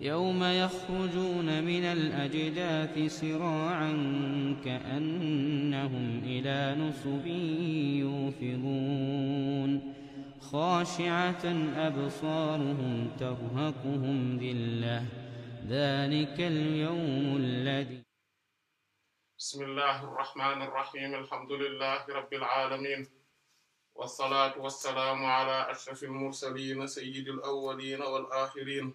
يوم يخرجون من الأجداث سراعا كأنهم إلى نصب يوفضون خاشعة أبصارهم ترهقهم ذلة ذلك اليوم الذي بسم الله الرحمن الرحيم الحمد لله رب العالمين والصلاة والسلام على أشرف المرسلين سيد الأولين والآخرين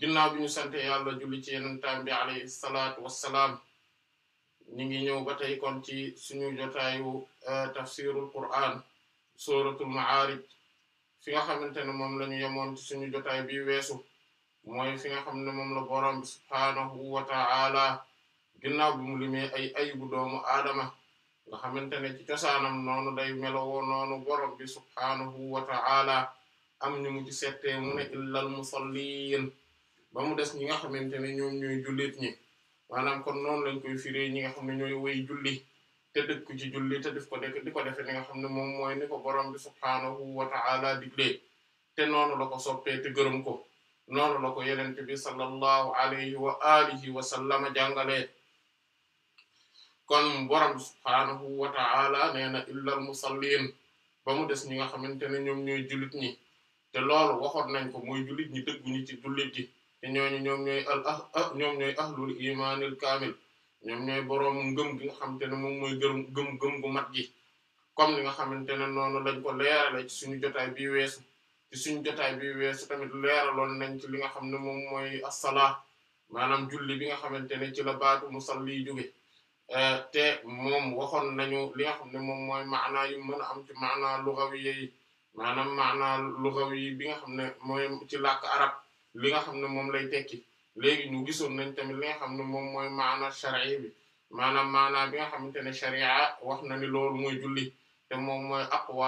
ginnaaw bi ñu sante yàlla julli ci yenentaam bi alayhi salaatu salaam ñi ngi ñëw ba tey kon ci suñu jotaayu euh, tafsirul qur'an suratul ma'arij fi nga xamante ne moom la ñu yemoon ci suñu jotaay bi weesu mooy fi nga xam ne moom la borom bi subhaanahu wa ta'ala ginnaaw bi mu ay ayibu aadama nga xamante ne ci cosaanam noonu day melowoo noonu borom bi subhaanahu wa ta'ala am ñu mu ci settee mu ne illal musalliin ba mu des ñi nga xamante ne ñoom ñooy jullit ñi maanaam kon noonu lañ koy firé ñi nga xam ne ñooy way julli te dëkk ci julli def ko def di ko defe ni nga xam ne moom mooy ni ko borom bi subhaanahu wa ta'ala diglee te noonu la ko soppee te gërëm ko noonu la ko yenente bi sallallahu wa alihi wa sallama jàngalee kon borom bi subhaanahu wa ta'ala nee na illal musallin ba mu des ñi nga xamante ne ñoom ñooy jullit ñi te loolu waxoon nañ ko mooy julit ñi dégguñu ci jullit gi te ñooñu ñoom ñooy al ah, ah ñoom ñooy boroom ngëm gi nga xamante ne moom mooy gëm gëm gëm gu mat gi comme ni nga xamante ne noonu lañ ko leerale ci suñu jotaay bi wees ci suñu jotaay bi wees tamit leeraloon nañ ci li nga xam ne moom mooy as-salaa maanaam julli bi nga xamante ne ci la baatu musalli jóge eh, te moom waxoon nañu li nga xam ne moom mooy maana yu mën a am ci maana lugawi bi nga xam ne mooy ci làkk arab li nga xam ne moom lay tekki léegi ñu gisoon nañ tamit li nga xam ne moom mooy maana shar'i bi maanaam maanaam bi nga xamante ne sharia wax na ni loolu mooy julli te moom mooy a wa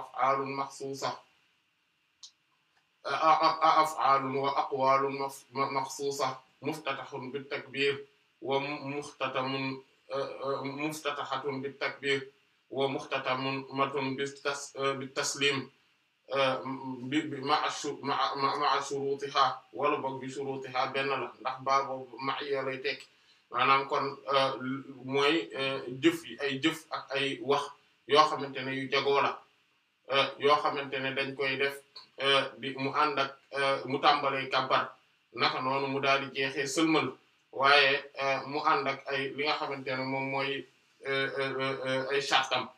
af'aalun maxsuusa af'aalun wa aqwaalun maxsuusa muftataxun bi takbiir wa muxtatamun muftataxatun bi takbiir wa muxtatamatun bi tas bi bi bi ma ma ma shurutiha wala boog bi shurutiha benn la ndax baa boobu ma'iya lay tekki maanaam kon euh, mooy euh, jëf yi ay jëf ak ay wax yoo xamante ne yu jagoo la euh, yoo xamante ne dañ koy def mu ànd ak mu tàmbalee kàbbar naka noonu mu daal di jeexee sëlmal waaye mu ànd ay li nga xamante ne moom mooy ay sàttam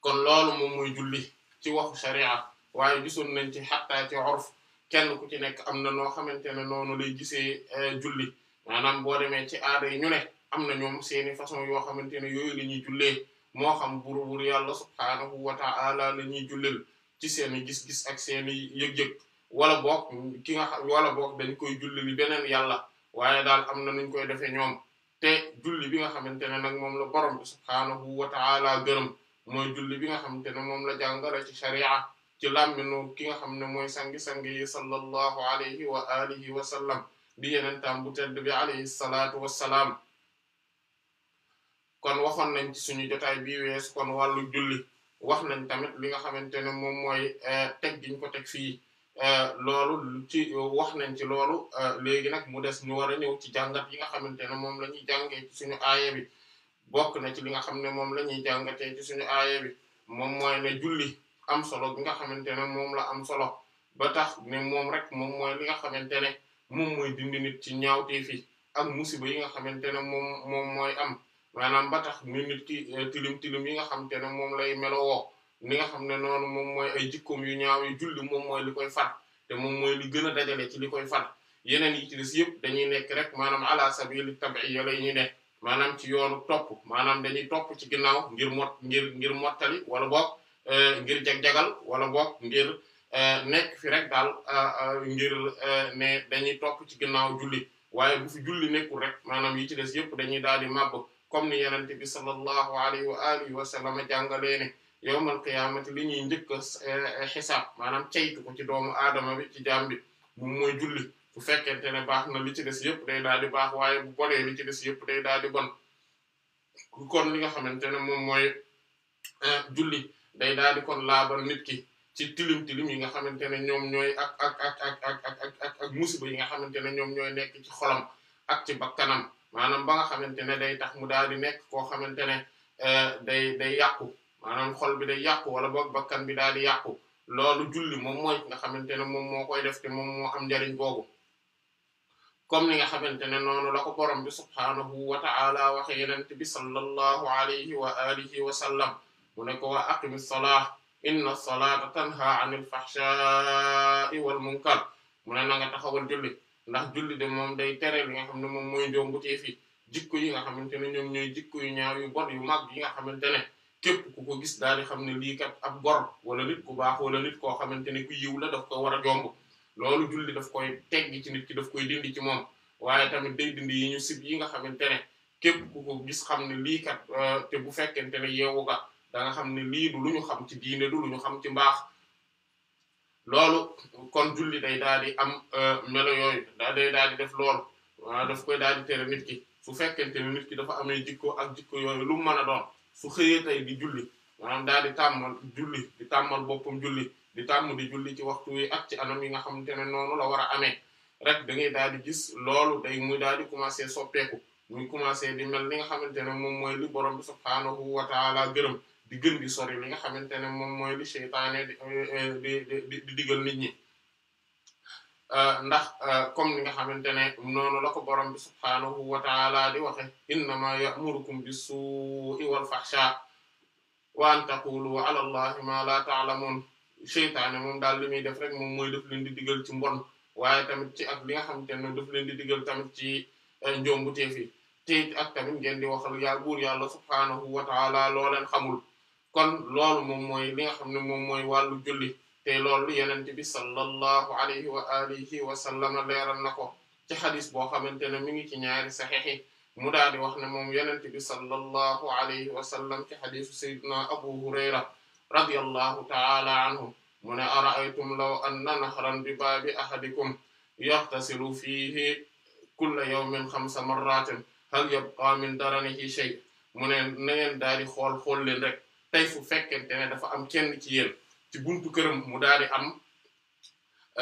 kon loolu moom mooy julli ci waxu sharia waaye gisoon nañ ci xatta ci orf kenn ku ci nekk am na noo xamante ne noonu lay gisee eh, julli maanaam boo demee ci aada yi ñu ne am na ñoom seeni façon yoo xamante ne yooyu la ñuy jullee moo xam buru buru yàlla subhaanahu wa ta'ala la ñuy jullil ci seen gis-gis ak seeni yëg-yëg wala boog ki nga xam wala boog dañ koy julli li beneen yàlla waaye daal am na nuñ koy defee ñoom te julli bi nga xamante ne nag moom la borom bi subhaanahu wa mooy julli bi nga xamante ne moom la jàngale ci sharia ci làmminu ki nga xam ne mooy sangi-sang yi sallallahu alayhi wa alihi wa sallam di yenentaam bu tedd bi alayhi salaatu wassalaam kon waxoon nañ ci suñu jotaay bi wees kon wàllu julli wax nañ tamit li nga xamante ne moom mooy eh, teg giñ ko teg fii eh, loolu ci wax nañ ci loolu eh, léegi nag mu des ñu war a ñëw ci jàngat yi nga xamante ne moom la ñuy jàngee ci suñu aaya bi bokk na ci li nga xam ne moom la ñuy jàngatee ci suñu aaya bi moom mooy ne julli am solo bi nga xamante ne moom la am solo ba tax ne moom rek moom mooy li nga xamante ne moom mooy dindi nit ci ñaawteef yi ak musiba yi nga xamante ne moom moom mooy am maanaam ba tax ni nit ki eh, yi nga xamante ne moom lay melowoo ni nga xam ne noonu moom mooy ay jikkoom yu ñaaw yu julli moom mooy li koy far te moom mooy li gën a dajale ci li koy far yeneen yi ci des yëpp dañuy nekk rek maanaam ala sabili tab'iyya lay ñuy ne maanaam ci yoonu topp maanaam dañuy topp ci ginnaaw ngir mot ngir ngir mottali wala boog eh, ngir jag-jagal wala boog ngir eh, nekk fi rek daal eh, ngir ne dañuy topp ci ginnaaw julli waaye bu fi julli nekkul rek maanaam yi ci des yëpp dañuy daal di màbb comme ni yenente bi sallallahu alayhi wa alihi wa sallam jàngalee ne yawmal qiyaamati li ñuy xisaab maanaam ceytu ko ci doomu aadama bi ci jaam bi moom julli bu fekkente tene baax na li ci des yëpp day daal di baax waaye bu bonee li ci des yëpp day daal di bon kon li nga xamante ne moom mooy eh, julli day daal di kon laabal nit ki ci tilim tilim yi nga xamante ne ñoom ñooy ak ak ak ak yi nga xamante ne ñoom ñooy nekk ci xolam ak ci bakkanam maanaam ba nga xamante ne day tax mu daal di nekk koo xamante ne eh, day day yàqu maanaam xol bi day yàqu wala boog bakkan bi daal di yàqu loolu julli moom mooy nga xamante ne moom moo koy def te moom moo am njariñ boobu comme ni nga xamante ne noonu la ko borom bi subhaanahu wa ta'ala waxe yenent bi sallallahu alayhi wa alihi wa sallam mu ne ko wa aqimi salaa inna salata tanha anil fahsha'i wal munkar mu ne na nga taxawal julli ndax julli de moom day tere li nga xam ne moom mooy njombutee fi jikko yi nga xamante ne ñoom ñooy jikko yu ñaaw yu bon yu mag yi nga xamante ne képp ku ko gis daal di xam ne lii kat ab gor wala nit ku baax wala nit koo xamante ne ku yiw la daf ko war a jomb loolu julli daf koy teggi ci nit ki def koy dindi ci moom waaye tamit day dindi yi ñu sib yi nga xamante ne képp ku ko gis xam ne lii kat euh, te bu fekkente ne yeewu ga da xam ne lii du lu ñu xam ci diine du lu ñu xam ci mbaax loolu kon julli day daal di am euh, melo yooyu day daal di def loolu waaw daf koy daal di tere nit ki su fekkente ne nit ki dafa amee jikko ak jikko yooyu lu mu mën a doon fu xëyee tey di julli daal di tàmmal julli di tàmmal boppam julli di tàmm di julli ci waxtu wi at ci anam yi nga xamante ne noonu la war a amee rek da daal di gis loolu day muy daal di commencer soppeeku muy commencer di mel li nga xamante ne moom mooy li borom bi subhaanahu wa gërëm di gën di li nga xamante ne moom mooy li seytaane di di di digal nit ñi euh, ndax euh, comme li nga xamante ne noonu la ko borom bi subhaanahu wa taala di waxe innama ya'murukum bis-su'i wal fahsha wa an taqulu ala allahi ma la ta'lamun seytaane moom daal li muy def rek moom mooy daf leen di digal ci mbon waaye tamit ci ak li nga xamante ne daf leen di digal tamit ci eh, njombu teef yi te ak tamit ngeen di waxal yàlla buur yàlla subhaanahu wa taala loo leen xamul kon lool moom mooy li nga xam ne moom mooy wàllu julli te loolu yenent bi sallallahu alayhi wa alihi wa sallam leeral na ko ci xadis boo xamante ne mi ngi ci ñaari saxiix mu daal di wax ne moom yenent bi sallallahu alayhi wa sallam ci xadisu sayyidina abu hurayra radiyallahu ta'ala anhu mu ne ara'aytum law anna nahran bi baabi ahadikum yaxtasilu fiihi kulla yawmin xamsa marratin hal yabqa min daranihi shay mu ne na ngeen daal di xool xool leen rek tey fu fekkente ne dafa am kenn ci yéen ci buntu këram mu daal di am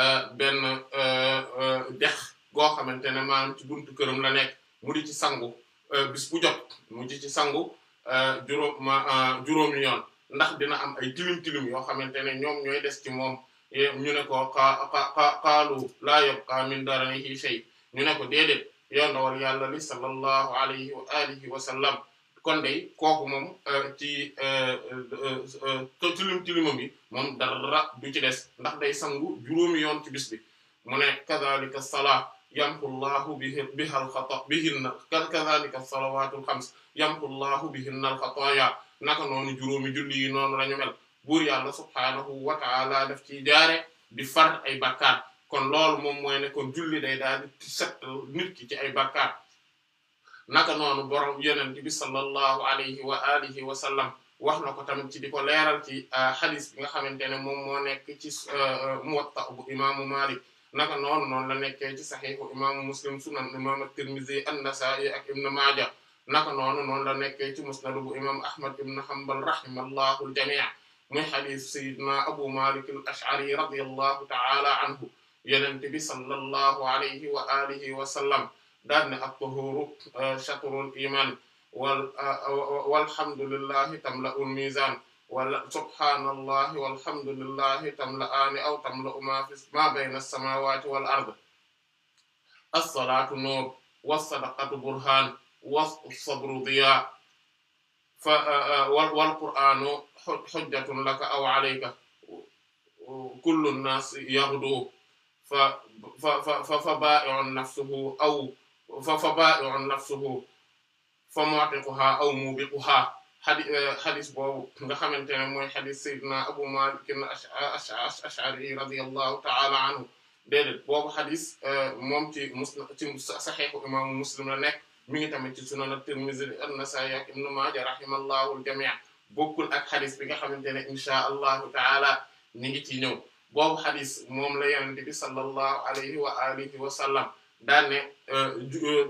euh, benn euh, dex goo xamante ne maanaam ci buntu këram la nekk mu di ci sangu euh, bis bu jot mu di ci sangu juróom juróomi yoon. ndax dina am ay tilim tilim yoo xamante ne ñoom ñooy des ci moom eh, ñu ne ko qaalu laa yabqa min daranihi shay ñu ne ko déedéet yoon dawal yàlla li sallallahu alayhi wa alihi wa sallam kon de kooku moom eh, ci eh, tilim tilimam bi moom dara du ci des ndax day sangu juróomi yoon ci bis bi mu ne kadhalika salaa yamhu llahu bihi biha al khata bihinna kadhalika as-salawatu al-khams yamhu llahu bihinna al-khataaya naka noonu juróomi julli yi noonu lañu mel buur yàlla subhaanahu wa ta'ala ci ciy jaare di far ay bàkkaar kon loolu moom mooy ne ko julli day daal di ci ay bàkkaar naka noonu borom yonent bi sallallahu alayhi wa alihi wa sallam wax na ko tamit ci di ko leeral ci hadith euh, bi nga xamante ne moom moo nekk ci euh, muwatta bu imaamu Malik naka noonu noonu la nekkee ci saxiixu imaamu Muslim sunan imaamu Tirmidhi an-Nasa'i ak Maaja naka noonu noonu la nekkee ci musnadu bu imam ahmad ibn hanbal rahimallahu al-jamii' muy xadis sayidna abu malik al-ash'ari radiyallahu ta'ala anhu yenente bi sallallahu alayhi wa alihi wa sallam daan ne at-tuhuru uh, shatrul iman wal uh, walhamdulillahi tamla'ul mizan wala subhaanallahi walhamdulillahi tamla'aani aw tamla'u maa fi maa bayna as-samaawaati wal ard as-salaatu nuur was-sadaqatu burhaan was sabru diya fa wal qur'anu hujjatun laka aw alayka kullu nnaas yaghdu fa fa fa fa baa'i'un nafsuhu aw fa fa baa'i'un nafsuhu fa mu'tiquha aw mubiquha xadi xadis e, boobu nga xamante ne mooy xadis sayyidina Abu Malik al-Ash'ari radiyallahu ta'ala anhu déedéet boobu xadis e, moom ci muslim ci saxiixu imaamu Muslim la nekk. mi ngi tamit ci sunan at-Tirmidhi an-Nasa'i ak Ibn Maaja rahimallahu al-jami' bokkul ak xadis bi nga xamante ne insha allah taala ni ngi ci ñëw boobu xadis moom lay yonent bi sallallahu alayhi wa alihi wa sallam daan ne euh, euh,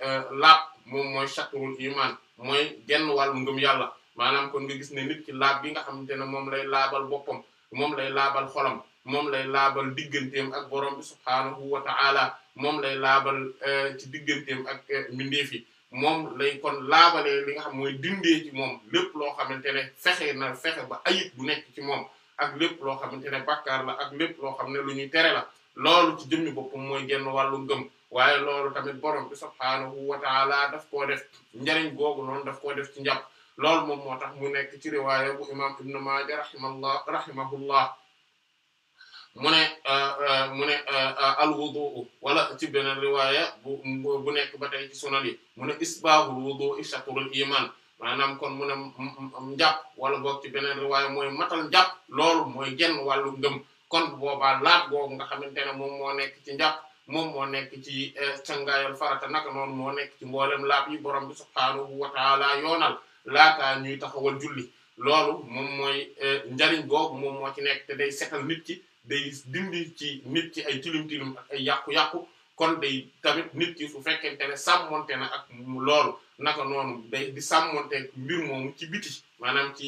euh, laab moom mooy shatrul iman mooy genn wàllu ngëm yàlla maanaam kon nga gis ne nit ki laab bi nga xamante ne moom lay laabal boppam moom lay laabal xolam moom lay laabal digganteem ak borom subhaanahu wa taala moom lay laabal euh, ci digganteem ak euh, mbindeef yi moom lay kon laabalee li nga xam mooy dindee ci moom lépp loo xam ne fexe na fexe ba ayib bu nekk ci moom ak lépp loo xamante ne bàkkaar la ak lépp loo xam ne lu ñuy tere la loolu ci jëmmi boppam mooy genn wàllu ngëm waaye loolu tamit borom bi subhaanahu wa taala daf koo def njariñ googu noonu daf koo def ci njàpp loolu moom moo tax mu nekk ci riwaaya bu imam ibnu maaja rahimahullah rahimahullah mu ne euh, euh, mu ne euh, alwudu wala ci beneen riwaaya bu bu nekk ba tey ci sunan yi mu ne isbahul wudu iman maanaam kon mu ne wala boog ci beneen riwaaya mooy matal njàpp loolu mooy genn wàllu ngëm kon boobaa laat googu nga xamante ne moom moo nekk ci njàpp moom moo nekk ci cangaayal farata naka noonu moo nekk ci mboolem laab yi borom bi subhaanahu wa taala yoonal laataa ñuy taxawal julli loolu moom mooy njariñ googu moom moo ci nekk te day setal nit ki day dindi ci nit ci ay tilim tilim ay yàqu-yàqu kon day tamit nit ki su fekkente ne sàmmonte na ak loolu naka noonu day di sàmmonte mbir moomu ci biti maanaam ci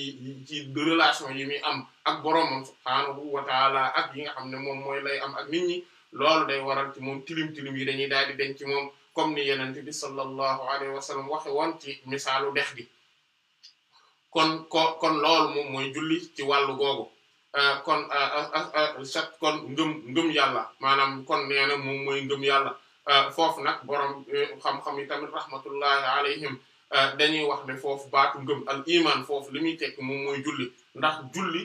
ci relation yi muy am ak boromam subhaanahu wa taala ak yi nga xam ne moom mooy lay am ak nit ñi loolu day waral ci moom tilim tilim yi dañuy daal di denc moom comme ni yenente bi sallallahu alayhi wa sallam waxe woon ci misaalu dex gi kon ko kon loolu moom mooy julli ci wàllu googu Euh, kon euh, euh, sat kon ngëm ngëm yàlla maanaam kon nee na moom mooy ngëm yàlla foofu nag borom xam-xam yi tamit rahmatullahi alayhim dañuy wax ne foofu baatu ngëm al iman foofu li muy tekki moom mooy julli ndax julli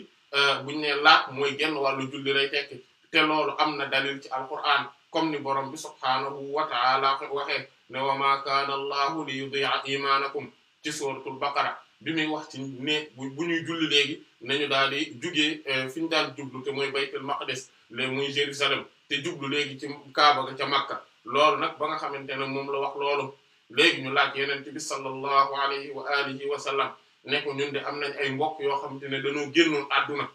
buñu ne laat mooy genn wàllu julli lay tekki te loolu am na dalil ci alquran comme ni borom bi subhaanahu wa ta'ala waxee ne wa ma kaana allahu li yudi'a imanakum ci suratul baqara bi muy wax ci ne bu ñuy julli léegi nañu daal di jugee euh, fi ñu daan jublu te mooy baytul maqdis léegi muy Jérusalem te jublu léegi ci Kaaba ga ca Makka loolu nag ba nga xamante ne moom la wax loolu léegi ñu laaj yeneen bi sallallahu alayhi wa alihi wa sallam ne ko ñun de am nañ ay mbokk yoo xamante ne dañoo génnoon àdduna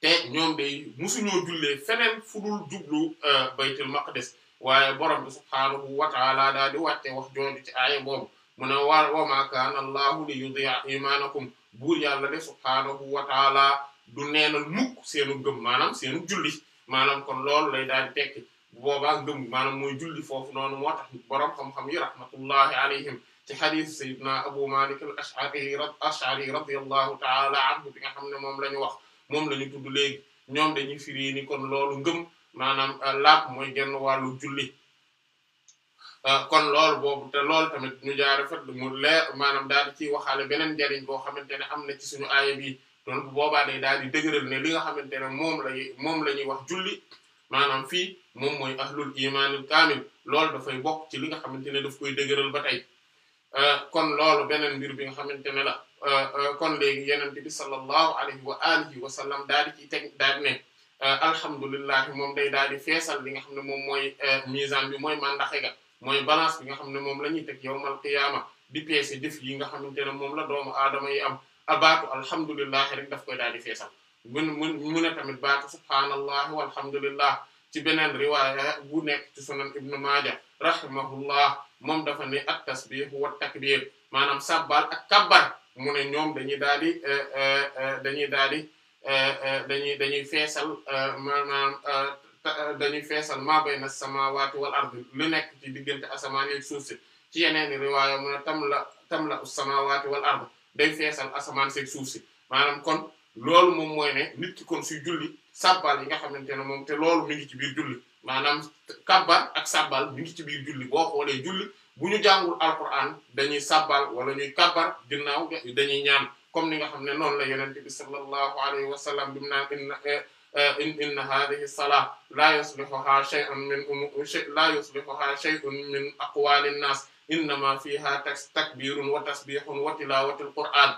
te ñoom day musuñoo jullee feneen fu dul jublu euh, baytul maqdis waaye borom bi subhaanahu wa ta'ala daal di wàcce wax jooju ci aaya boobu mu ne wa wa ma kaana allahu li yudi'a imanakum buur yàlla de subhaanahu wa taala du neenal mukk seenu ngëm maanaam seenu julli maanaam kon loolu lay daal di tekki bu boobaa ngëm maanaam mooy julli foofu noonu moo tax boroom xam-xam yi rahmatullahi alayhim ci xadiis sayidna abu malik ashari ashari taala anhu bi nga xam ne moom lañu wax moom la ñu tudd léegi ñoom dañuy firi ni kon loolu ngëm maanaam laab mooy genn wàllu julli Euh, kon lool boobu te lool tamit ñu jaar fa mu leer maanaam daal di ciy waxaale beneen njariñ boo xamante ne am na ci suñu aaya bi donc boobaa day daal di dëgëral ne li nga xamante ne moom lay moom la ñuy wax julli maanaam fii moom mooy ahlul imaanil kaamil loolu dafay bokk ci li nga xamante ne daf koy dëgëral ba tey euh, kon loolu beneen mbir bi nga xamante ne la euh, kon léegi yonent bi sallallahu alayhi wa alihi wa sallam daal di ciy teg daal di ne alhamdulilah moom day daal di feesal li nga xam ne moom mooy misaan bi mooy mandaxe ga mooy balance bi nga xam ne moom la ñuy teg yawmal qiyaama di peese jëf yi nga xamante ne moom la doomu aadama yi am a abaatu alhamdulillah rek daf koy daal di feesal mën mën mën a tamit baatu subhaanallah walhamdulillah ci beneen riwaaya bu nekk ci sunan ibnu maaja rahimahullah moom dafa ne at tasbih wa takbir maanaam sabbal ak kabbar mu ñoom dañuy daal di eh, eh, eh, dañuy daal di dañuy dañuy feesal maanaam Eh, dañuy feesal maa bayna samaawaati wal ardi lu nekk ci diggante asamaan yi suuf si ci yeneen riwaaya mu tam la tam la samaawaati wal ardi day feesal asamaan seeg suuf si maanaam kon loolu moom mooy ne nit ki kon suy julli sabbal yi nga xamante ne moom te loolu mi ngi ci biir julli maanaam kabbar ak sabbal mi ngi ci biir julli boo xoolee julli bu ñu jàngul alquran dañuy sabbal wala ñuy kabbar ginnaaw dañuy ñaan comme ni nga xam ne noonu la yonent bi sallallahu alayhi wa sallam bi inna hadhihi salat la yuslihuha shay'un min la yuslihuha shay'un min aqwali nnas innama fiha takbirun wa tasbihun wa tilawatul qur'an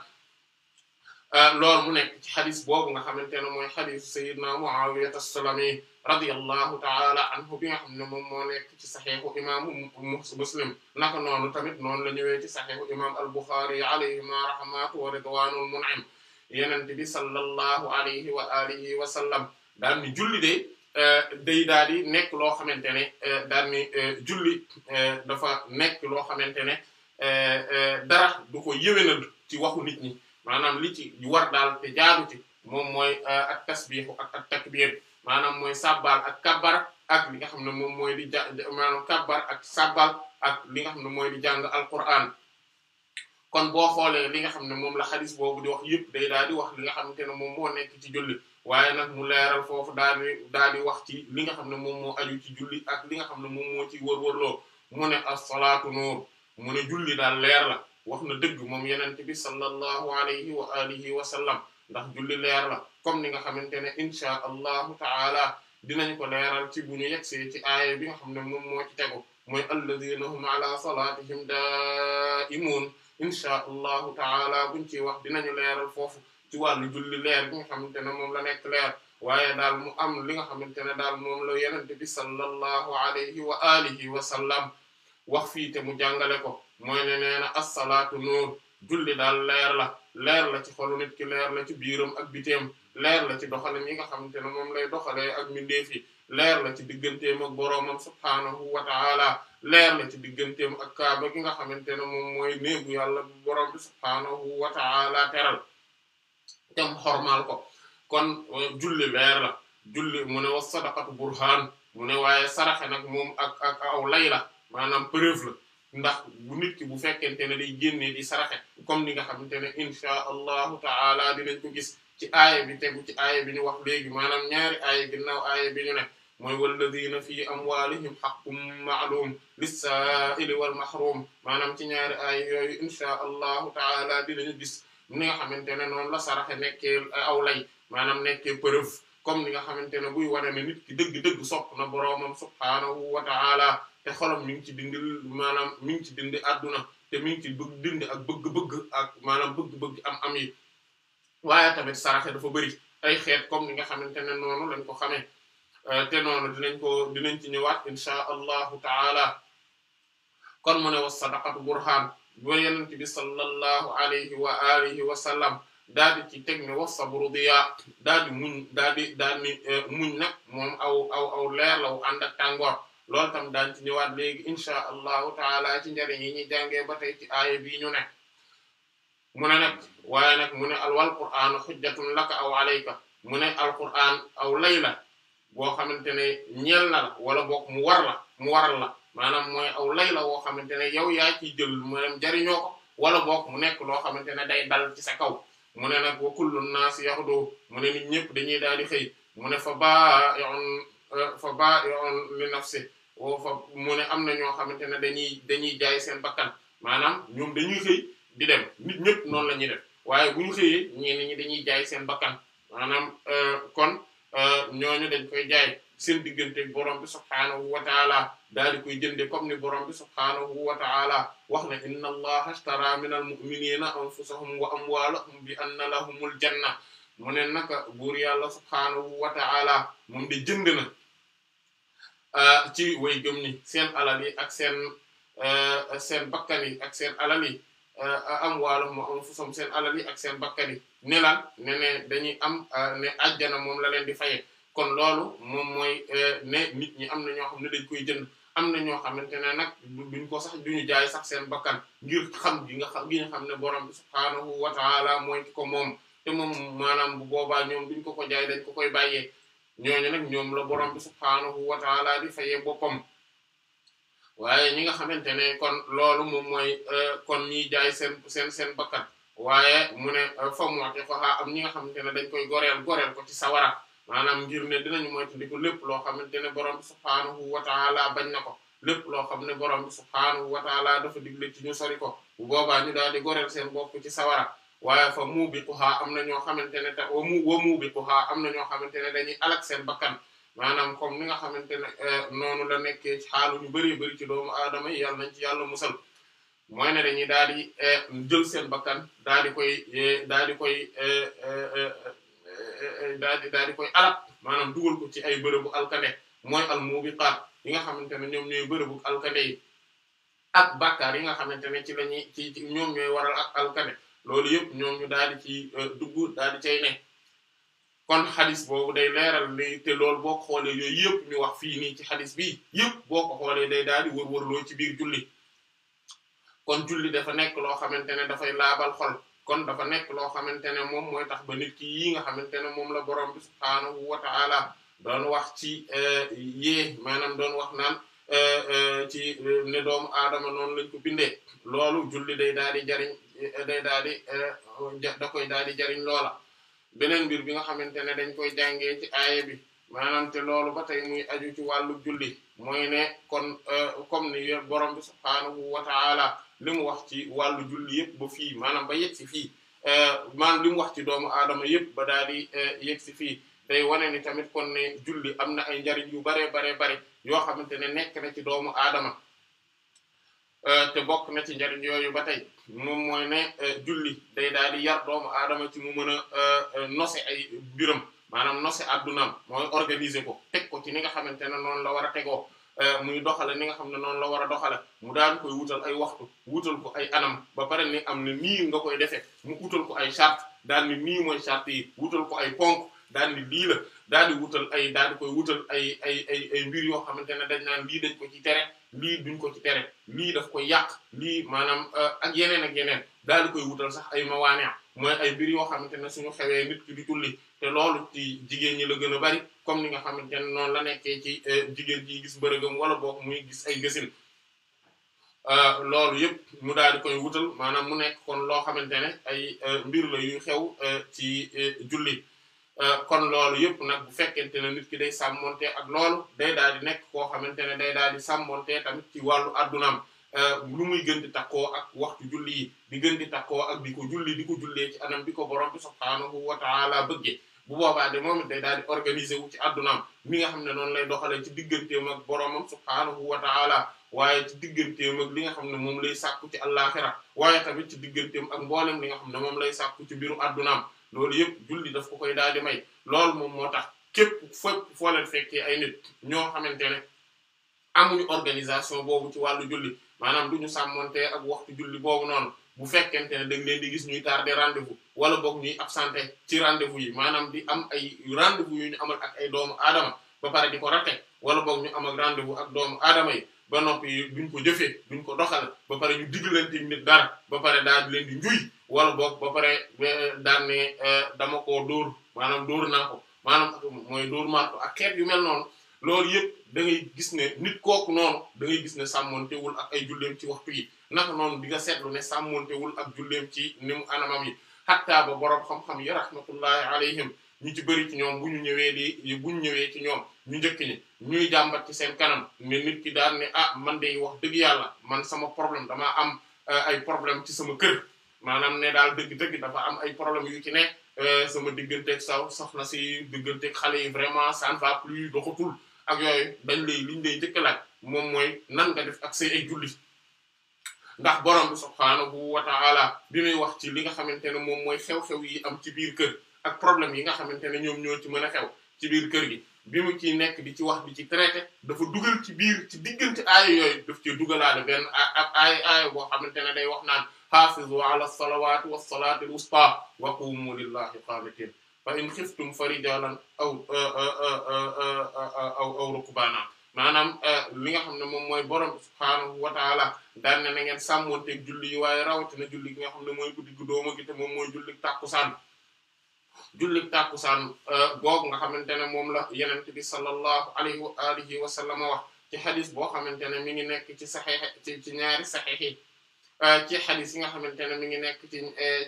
loolu mu nekk ci xadis boobu nga xamante ne mooy xadisu sayidna Muawiya as-Salami radiyallahu ta'ala anhu bi nga xam ne moom moo nekk ci saxiixu imaamu Muslim naka noonu tamit noonu la ñëwee ci saxiixu imaam al-Bukhari alayhima rahmatu wa ridwanul mun'im yenent bi sallallahu alayhi wa alihi wa sallam daal ni julli day eh, day daal di nekk loo xamante ne eh, daal ni eh, julli dafa nekk loo xamante ne dara du ko yëwénal ci waxu nit ñi maanaam li ci war daal te jaadu ci moom mooy ak tasbihu ak ak maanaam mooy sabbal ak kabbar ak li nga xam ne moom mooy di ja maanaam kabbar ak sabbal ak li nga xam ne mooy di jàng alquran kon boo xoolee li nga xam ne moom la xadis boobu di wax yëpp day daal di wax li nga xamante ne moom moo nekk ci julli waaye nag mu leeral foofu daal di daal wax ci li nga xam ne moom mo aju ci julli ak li nga xam ne moom moo ci wërwërloo mu ne as-salaatu nuur mu ne julli daal leer la wax na dëgg moom yeneen bi sallallahu alayhi wa alihi wa sallam ndax julli leer la comme ni nga xamante ne insha allahu taala dinañ ko leeral ci bu ñu yegsee ci aaya bi nga xam ne moom moo ci tegu mooy alladhina hum ala salatihim da'imun insha allahu taala buñ ciy wax dinañu leeral foofu ci wàllu julli leer bi nga xamante ne moom la nekk leer waaye daal mu am li nga xamante ne daal moom la yenente bi sallallahu alayhi wa alihi wa sallam wax fii te mu jàngale ko mooy ne nee na assalaatu nuur julli daal leer la leer la ci xolu nit ki leer la ci biiram ak biteem leer la ci doxale yi nga xamante ne moom lay doxalee ak mindeef yi leer la ci digganteem ak boroomam subhaanahu wa ta'ala leer la ci digganteem ak kaaba ki nga xamante ne moom mooy néegu yàlla bu boroom bi subhaanahu wa ta'ala teral tem xormaal ko kon euh, julli leer julli mu ne wa sadaqatu burhaan mu ne waaye saraxe nag moom ak ak aw lay la maanaam preuve la ndax bu nit bu fekkente ne day génnee di saraxe comme ni nga xamante ne insha allahu ta'ala dinañ ko gis ci aaya bi tegu ci aaya bi ñu wax léegi maanaam ñaari aaya ginnaaw aaya bi ñu ne mooy walladina fi amwalihim haqqun ma'lum lis-sa'ili wal mahrum maanaam ci ñaari ay yooyu insha allahu taala dinañu gis ni nga xamante ne noonu la saraxe nekkee aw lay maanaam nekkee preuve comme ni nga xamante ne buy wane ne nit ki dëgg-dëgg sopp na boroomam subhaanahu wa taala te xolam mi ngi ci dindi maanaam mi ngi ci dindi adduna te mi ngi ci bëgg dindi ak bëgg-bëgg ak maanaam bëgg-bëgg am am yi waaye tamit saraxe dafa bëri ay xeet comme ni nga xamante ne noonu lañ ko xamee Eh, te noonu dinañ ko dinañ ci ñëwaat insha allahu taala kon mu ne wa sadaqatu burhan ba yenent bi sallallahu alayhi wa alihi wa sallam daal di ci teg ne wa sabru diya muñ daal di daal eh, aw leer la wu ànd ak tàngoor loolu tam daan ci ñëwaat léegi insha allahu taala ci njëriñ yi ñuy jàngee ba tey ci aaya bii ñu ne mu ne nag waaye nag mu ne alwal qur'aan xujjatun laka aw alayka mu ne alqur'aan aw layla boo xamante ne ñeel na la wala boog mu war la mu waral la maanaam mooy aw lay la woo xamante ne yow yaa ciy jël maanaam jariñoo wala boog mu nekk loo xamante ne day dal ci sa kaw mu ne nag wa kullu naasi yaxdu mu ne ñëpp dañuy daal di xëy mu ne fa baa'i'un fa baa'i'un li nafsi woo fa mu ne am na ñoo xamante ne dañuy dañuy jaay seen bakkan maanaam ñoom dañuy xëy di dem nit ñëpp noonu la ñuy def waaye bu ñu xëyee ñenn ñi dañuy jaay seen bakkan maanaam euh, kon. Euh, ñooñu dañ koy jaay seen diggante borom bi subhaanahu wa taala daal di koy jënde kom ni borom bi subhaanahu wa wax na inna allaha ashtara min al mu'minina anfusahum wa amwalahum bi anna lahumul janna mu ne naka buur subhaanahu wa taala de jënd na euh, ci way gëm ni seen alal yi ak seen euh, seen bakkan yi ak seen alal yi amwalahum wa anfusahum seen alal ak seen bakkan ne la ne ne dañuy am euh, ne ajjana moom la leen di faye kon loolu moom mooy euh, ne nit ñi am na ñoo xam ne dañ koy jënd am na ñoo xamante ne nag duñ ko sax duñu jaay sax seen bakkan ngir xam gi nga xam gi nga xam ne borom bi subhaanahu wa taala mooy ko moom te moom maanaam bu boobaa ñoom duñ ko ko jaay ko koy bàyyee ñooñu nag ñoom la borom bi subhaanahu wa taala di fayee boppam waaye ñi nga xamante ne kon loolu moom mooy euh, kon ñiy jaay seen seen seen bakkan waaye mu ne fa moote fa am ñi nga xamante ne dañ koy goreel goreel ko ci sawara maanaam ngir ne dinañu moytandiku lépp loo xamante ne borom bi subhaanahu wa taala bañ na ko lépp loo xam ne borom bi subhaanahu wa taala dafa digle ci ñu sori ko bu boobaa ñu daal di goreel seen bopp ci sawara waaye fa muubiquha am na ñoo xamante ne te wa mu wa muubiquha am na ñoo xamante ne dañuy alak seen bakkan maanaam kom ni nga xamante ne eh, noonu la nekkee ci xaalu ñu bari bari ci doomu aadama yi yàlla nañ ci yàlla musal mooy ne dañuy daal di eh, jël seen bakkan daal di koy eh, daal di koy eh, daal di daal koy alal maanaam dugal ko ci ay bërëbu alkande mooy al mubiqaat yi nga xamante ne ñoom ñooy bërëbu alkande yi ak bàkkaar yi nga xamante ne ci lañuy ci ñoom ñooy waral ak loolu yëpp ñoom ñu daal ci dugg daal di cay ne kon xadis boobu day leeral li te loolu boo ko xoolee yooyu yëpp ñu wax fii nii ci xadis bi yëpp boo ko xoolee de daal di wër-wër loo ci biir julli kon julli dafa nekk loo xamante ne dafay laabal xol kon dafa nekk loo xamante ne moom mooy tax ba nit ki yi nga xamante ne moom la borom bi subhaanahu wa ta'ala doon wax ci eh, yee maanaam doon wax naan eh, eh, ci ne doomu aadama noonu lañ ko bindee loolu julli day daal di jariñ day daal di da koy daal di jariñ loola beneen mbir bi nga xamante ne dañ koy jàngee ci aaye bi maanaam te loolu ba tey muy aju ci wàllu julli mooy ne kon comme ni borom bi subhaanahu wa li mu wax ci wàllu julli yëpp ba fii maanaam ba yegg si fii euh, maanaam mu wax ci doomu aadama yëpp ba daal di euh, yegg si fii day wane ni tamit kon ne julli am na ay njariñ yu baree baree bare yoo xamante ne nekk na ci doomu aadama euh, te bokk na ci njariñ yooyu ba tey moom mooy ne julli day daal di yar doomu aadama ci mu mën a nose ay biram maanaam nose addunaam mooy organiser ko teg ko ci ni xamante ne noonu la war a tegoo Euh, muy doxale ni nga xam ne noonu la war a doxale mu daan koy wutal ay waxtu wutal ko ay anam ba pare ni am ne nii nga koy defee mu wutal ko ay charte daal ni nii mooy charte yi wutal ko ay ponk daal ni lii la daal di wutal ay daal di koy wutal ay ay ay ay mbir yoo xamante ne dañ naan dañ ko ci tere lii duñ ko ci tere daf koy yàq lii maanaam euh, ak yeneen ak yeneen daal koy wutal sax ay mawaane mooy ay mbir yoo xamante ne suñu xewee nit ki di julli te loolu ci jigéen ñi la gën a bari comme ni nga xamante ne noonu la nekkee ci eh, jigéen ji gis bërëgam wala boog muy gis ay gësin euh, loolu yëpp mu daal di koy wutal maanaam mu nekk kon loo xamante ne ay euh, mbir la yuy xew euh, ci julli kon loolu yëpp nag bu fekkente ne nit ki day sàmmonte ak loolu day daal nekk koo xamante ne day daal di sàmmonte tamit ci wàllu addunaam lu muy gën di takkoo ak waxtu julli yi di gën di takkoo ak di ko julli di ko jullee ci anam bi ko borom bi bu boobaa de moom it day daal di organiser wu ci addunaam mi nga xam ne noonu lay doxalee ci digganteem ak boroomam subhaanahu wa ta'ala waaye ci digganteem ak li nga xam ne moom lay sàkku ci àllaaxira waaye tamit ci digganteem ak mboolem li nga xam ne moom lay sàkku ci biiru addunaam loolu yëpp julli daf ko koy daal di may loolu moom moo tax képp fépp foo fekkee ay nit ñoo xamante ne amuñu organisation boobu ci wàllu julli maanaam du ñu sàmmonte ak waxtu julli boobu noonu bu fekkente ne dañ leen di gis ñuy tardé rendez-vous wala boog ñuy absenté ci rendez-vous yi maanaam di am ay rendez-vous yu ñu amal ak ay doomu aadama ba pare di ko raté wala boog ñu amal rendez-vous ak doomu aadama yi ba noppi duñ ko jëfee duñ ko doxal ba pare ñu diglante nit dara ba pare daal di leen di njuy wala boog ba pare daan ne eh, dama ko dóor maanaam dóor naa ko maanaam mooy dóor marto ak xeet yu mel noonu loolu yëpp da gis ne nit kooku noonu da gis ne sàmmontewul ak ay julleem ci waxtu yi nan noonu di nga ne ne sàmmontewul ak julleem ci ni mu anamam yi xattaa ba borom xam-xam yi rahmatullahi alayhim ñu ci bëri ci ñoom bu ñu ñëwee di bu ñu ñëwee ci ñoom ñu njëkk ñi ñuy jàmbat ci seen kanam ne nit ki daan ne ah man de wax dëgg yàlla man sama problème damaa am euh, ay problème ci sama kër maanaam ne daal dëgg-dëgg dafa am ay problème yu ci ne euh, sama digganteeg saw soxna si digganteeg xale yi vraiment ça ne va plus doxatul ak yooyu dañ lay liñ lay njëkk moom mooy nan nga def ak say ay ndax borom bi subhaanahu wa ta'ala bi muy wax ci li nga xamante ne moom mooy xew-xew yi am ci biir kër ak problème yi nga xamante ne ñoom ñoo ci mën a xew ci biir kër gi bi mu ciy nekk di ci wax di ci traité dafa dugal ci biir ci diggante aaya yooyu daf ci dugalaale benn ak aaya aaya boo xamante ne day wax naan xaafizu ala salawaati wassalaati al wusta wa qumu lillahi qaanitiin fa in xiftum fa rijalan aw aw aw rukbaanan maanaam eh, li nga xam ne moom mooy borom subhaanahu wa taala daan na ngeen sàmmonteeg julli yi waaye rawatina julli gi nga xam ne mooy guddi gu dooma gi te moom mooy julli tàkkusaan julli tàkkusaan googu eh, nga xamante ne moom la yonent bi sallallahu alayhi wa alihi wa sallam wax ci xadis boo xamante ne mi ngi nekk ci saxiix ci ci ñaari saxiix yi eh, ci xadis nga xamante ne mi ngi nekk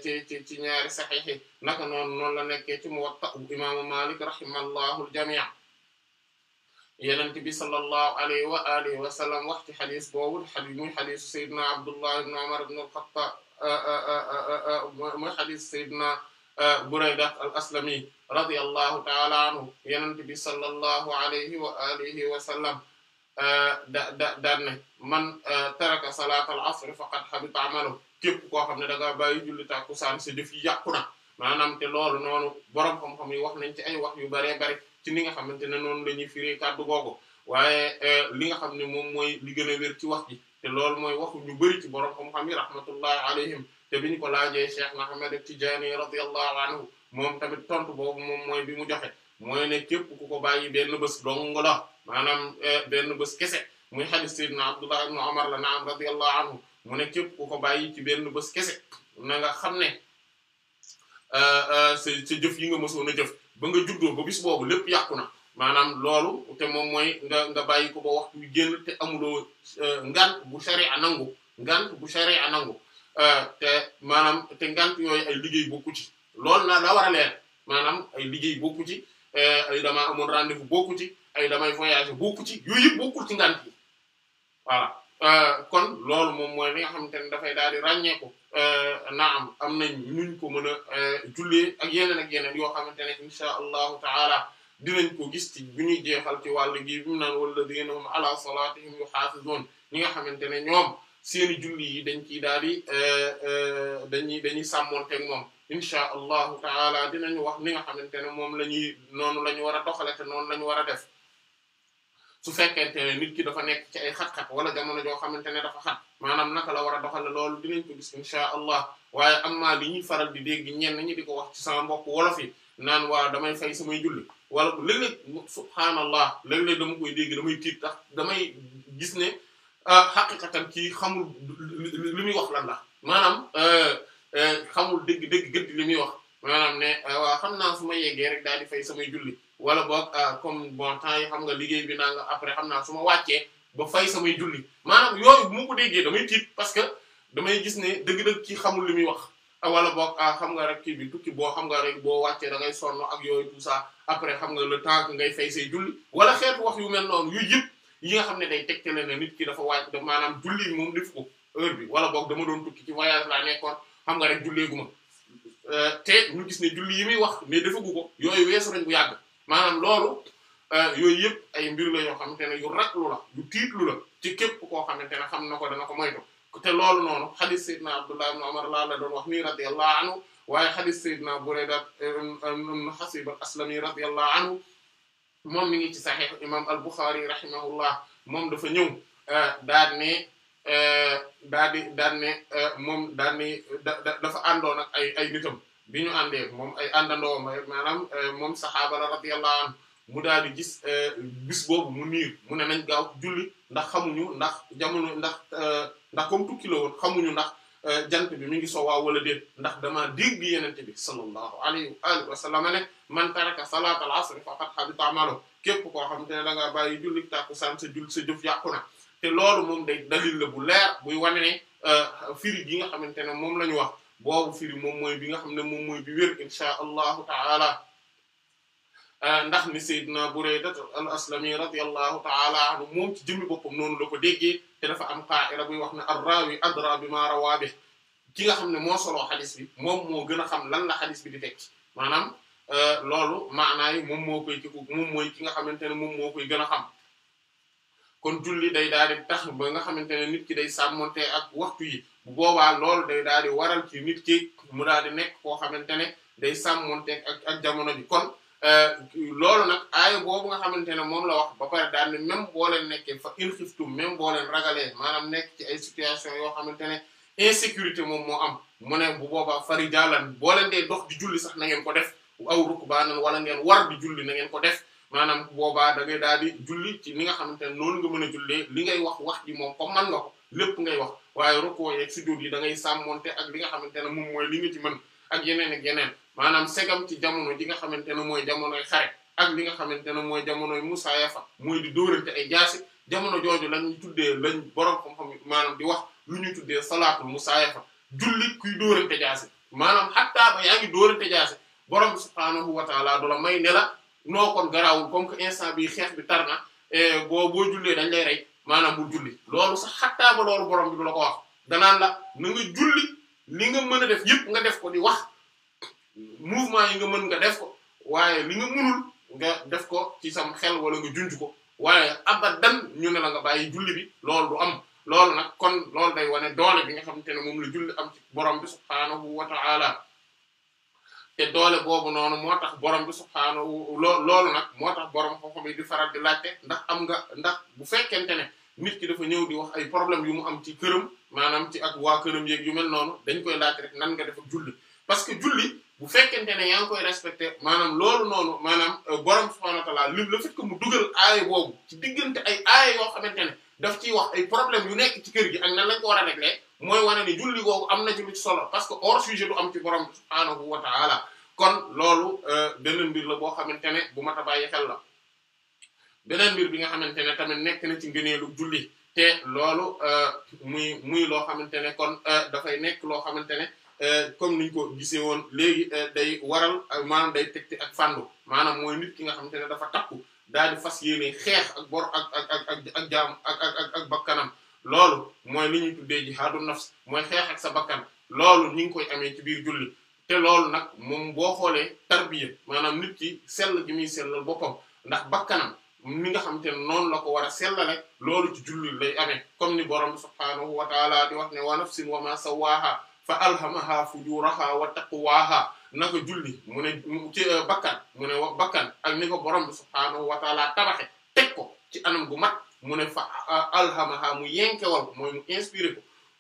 ci ci ñaari saxiix yi naka noonu noonu la nekkee ci Muwatta imaamu Maalik rahimallahu al yenent bi sallallahu alayhi wa alihi wa sallam wax ci xadis boobu xadis muy xadisu sayyidina abdullah ibn umar ibn al-khattab muy xadis sayyidina burayda al aslami radiyallahu ta'ala anhu yenent bi sallallahu alayhi wa alihi wa sallam da da daan ne man taraka salaatal asr faqad habita amalu képp koo xam ne da ngaa bàyyi julli tàkkusaan si def yi yàqu na maanaam te loolu noonu boroom xam-xam yi wax nañ ci ay wax yu baree bari ci li nga xamante ne noonu la ñuy firi kàddu googu waaye eh, li nga xam ne moom mooy li gën a wér ci wax ji te loolu mooy waxu ñu bari ci borom xam-xam yi rahmatullahi alayhim te bi ñu ko laajee Cheikh Ahmed Tidiane radiyallahu anhu moom tamit tontu boobu moom mooy bi mu joxe mooy ne képp ko bàyyi benn bés dong la maanaam eh, benn bés kese muy hadith sayyidina Abdullah ibn Umar la naam radiyallahu anhu mu ne képp ku ko bàyyi ci benn bés na nga xam ne eh, sa jëf yi nga mësoon a jëf. ba nga ba bis boobu lépp yàqu na maanaam loolu te moom mooy nga nga bàyyi ko ba waxtu bi génn te amuloo euh, ngant bu sharia nangu ngant bu sharia nangu euh, te maanaam te ngant yooyu ay liggéey bokku ci loolu na la war leer maanaam ay liggéey bokku ci euh, ay dama amoon rendez-vous bokku ci ay damay voyage bokku ci yooyu yëpp bokkul ngant yi voilà Euh, kon loolu moom mooy li nga xamante ne dafay daal di ràññeeku euh, naam am nañ nuñ ko mën a euh, jullee ak yeneen ak yeneen yoo xamante ne insha allahu taala dinañ ko gis ci bu ñuy jeexal ci wàll gi bi mu naan walladina hum ala salatihim yuhafizun ñi nga xamante ne ñoom seeni julli yi dañ ciy daal di dañuy dañuy sàmmoonteeg moom insha allahu taala wax ni nga xamante ne moom la ñuy noonu la ñu war a doxale te noonu la ñu war a def su fekkente ne nit ki dafa nekk ci ay xat-xat wala jamono joo xamante ne dafa xat maanaam naka la war a doxale loolu dinañ ko gis insha allah waaye am amma li ñuy faral di dégg ñenn ñi di ko wax ci sama mbokk wolof yi naan waaw damay fay samay julli wala léeg-léeg subhaanallah léeg-léeg dama koy dégg damay tiit tax damay gis ne ah, xaqiqatan kii xamul li muy wax lan la maanaam eh, eh, xamul dégg dégg gëdd li muy wax maanaam ne eh, waa xam naa su ma yeggee rek daal di fay samay julli wala boog euh, comme bon temps yi xam nga liggéey bi naa après xam naa su ma wàccee ba fay samay julli maanaam yooyu bu ma ko déggee damay tiit parce que damay gis ne dëgg-dëgg kii xamul li muy wax ah, wala boog ah, xam nga rek kii bi tukki boo xam nga boo wàccee da ngay sonn ak yooyu tout ça après xam nga le temps que ngay fay say wala xeetu wax yu mel noonu yu yi nga xam ne day tegtale ne nit ki dafa wàcc maanaam julli moom def ko bi wala boog dama doon tukki ci voyage laa nekkoon xam nga rek julleeguma euh, te ñu gis ne julli yi muy wax mais defagu ko yooyu weesu nañ bu yàgg maanaam loolu euh, yooyu yëpp ay mbir yoo xamante ne yu raglu la yu tiitlu la ci képp koo xamante ne xam na ko dana ko moytu te loolu noonu xadis Seydina Abdullah ibn Umar laa la doon wax nii radiyallahu anhu waaye xadis Seydina Burayda ibn Xasib al-Aslami radiyallahu anhu moom mi ngi ci saxiix imam al-Bukhari rahimahullah moom dafa ñëw euh, daal ne euh, daal di ne moom daal ne dafa àndoon ay ay nitam bi ñu àndee moom ay àndandoo maanaam eh, moom saxaaba la radiyallahu mu daal di gis eh, bis boobu mu niir mu ne nañ gaaw julli ndax xamuñu ndax jamono ndax eh, ndax comme tukki la woon xamuñu ndax jant bi mu ngi so waaw wala déet ndax damaa dégg yenente bi sallallahu alayhi wa alihi wa sallam ne man taraka salaatal asr faqad habita amalu koo xam te ne da ngaa bàyyi julli tàkkusaan sa jul sa jëf yàqu na te loolu moom day dalil la bu leer buy wane ne firi gi nga xamante ne moom la ñu wax boobu firi moom mooy bi nga xam ne moom mooy bi wér insha allahu ta'ala ah, ndax ni Seydina Burayda al aslami radiyallahu ta'ala anhu moom ci jëmmi boppam noonu la ko déggee te dafa am qaa'ida buy wax ne ar-raawi adraa bimaa rawaa bihi ki nga xam ne moo soloo xadis bi moom moo gën a xam lan la xadis bi di tekki maanaam ah, loolu maanaa yi moom moo koy ci ki nga xamante ne moom moo koy gën a xam kon julli day daal di tax ba nga xamante ne nit ki day sàmmonte ak waxtu yi bu boobaa loolu day daal di waral ci nit ki mu daal di nekk koo xamante ne day sàmmonteeg ak ak jamono ji kon euh, lool nag aaya boobu nga xamante ne moom la wax ba pare daal même boo nekkee fa in xiftum même ragalee maanaam nekk ci ay situation yoo xamante ne insécurité moom moo am mu ne bu boobaa fari jaalan boo dee dox di julli sax na ngeen ko def aw rukbaanan wala ngeen war di julli na ngeen ko def maanaam boobaa da daal di julli ci ni nga xamante ne noonu nga mën a jullee li ngay wax wax ji moom kom man nga ko lépp ngay wax waaye rukkoo si sujjóot yi dangay ngay sàmmonte ak li nga xamante ne moom mooy li nga ci mën ak yeneen ak yeneen maanaam segam ci jamono ji nga xamante ne mooy jamonoy xare ak li nga xamante ne mooy jamonoy musaayafa mooy di dóorante ay jaasi jamono jooju lañ ñu tuddee lañ borom xam-xam maanaam di wax lu ñu tuddee salaatul musaayafa julli kuy dóorante jaasi maanaam xattaa ba yaa ngi dóorante jaasi borom subhaanahu wa ta'ala du la may ne noo kon garaawul comme instant bi xeex bi tar na eh, boo boo jullee dañ lay rey maanaam bu julli loolu sax xattaa ba loolu borom bi du la ko wax danaan la na nga julli li nga mën a def yëpp nga def ko di wax mouvement yi nga mën nga def ko waaye li nga mënul nga def ko ci sam xel wala nga junj ko waaye abadan ñu ne la nga bàyyi julli bi loolu du am loolu nag kon loolu day wane doole bi nga xamante ne moom la julli am borom bi subhaanahu wa ta'ala te doole boobu noonu moo tax borom bi subhaanahu loolu nag moo tax borom xam-xam yi di faral di laajte ndax am nga ndax bu fekkente ne nit ki dafa ñëw di wax ay problème yu mu am ci këram maanaam ci ak waa këram yeeg yu mel noonu dañ koy laaj rek nan nga def julli parce que julli bu fekkente ne yaa ngi koy respecté maanaam loolu noonu maanaam euh, borom subhanahu wa ta'ala lim la fekk mu dugal aaya boobu ci diggante ay aaya yoo xamante ne daf ciy wax ay problème yu nekk ci kër gi ak na lañ ko war a régler mooy wane ni julli googu am na ci lu ci solo parce que hors sujet du am ci borom subhanahu wa ta'ala kon loolu euh, benn mbir la boo xamante ne bu mat a bàyyi xel la. beneen mbir bi nga xamante ne tamit nekk na ci ngëneelu julli te loolu euh, muy muy loo xamante ne kon euh, dafay nekk loo xamante ne euh, comme niñ ko gisee woon léegi day waral maanaam day tegti ak fàndu maanaam mooy nit ki nga xamante ne dafa takku daal di fas yéene xeex ak bor ak ak ak ak ak jaam ak bakkanam loolu mooy li ñuy tuddee jihaadu nafs mooy xeex ak sa bakkan loolu ñu ngi koy amee ci biir julli te loolu nag moom boo xoolee tarbiya maanaam nit ki sell gi muy sellal boppam ndax bakkanam ni nga xam te ne noonu la ko war a sellale loolu ci jullit lay amee comme ni borom subhaanahu wa taala wax ne wa nafsin wa ma sawaaha fa alhamaha fujuraha wa taqwaha naka julli mu ne ci euh, bakkan mu ne wax bakkan ak ni ko borom bi subhaanahu wa tabaxe teg ko ci anam gu mat mu ne fa alhamaha mu yenkewal ko mooy mu inspiré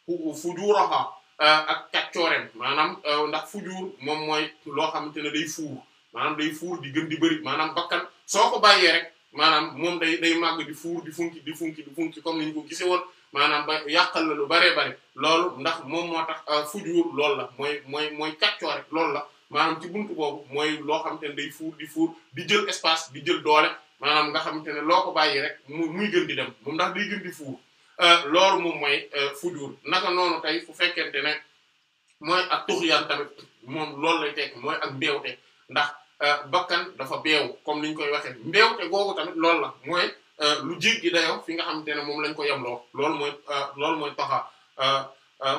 ko fujuraha euh, ak kàccoorem maanaam euh, ndax fujur moom mooy loo xamante ne day fuur maanaam day fuur di gën di maanaam bakkan soo ko bàyyee rek maanaam moom day day màgg di fuur di funki di funki di funki comme ni ko gisee woon maanaam ba yàqal la lu baree bare loolu ndax moom moo tax euh, fujur loolu la mooy mooy mooy kàccoore loolu la maanaam ci buntu boobu mooy loo ne day fuur di fuur di jël espace di jël doole maanaam nga xamante ne loo ko bàyyi rek mu muy gën di dem moom ndax day gën di fuur euh, loolu moom mooy euh, fujur naka noonu tey fu fekkente ne mooy ak tuxyaan tamit moom loolu lay tekk mooy ak mbeewte ndax Euh, bakkan dafa beew comme niñ koy waxee mbeew te googu tamit loolu la mooy euh, lu jéggi dayoo fi nga xamante ne moom lañ ko yemloo loolu mooy euh, loolu mooy taxa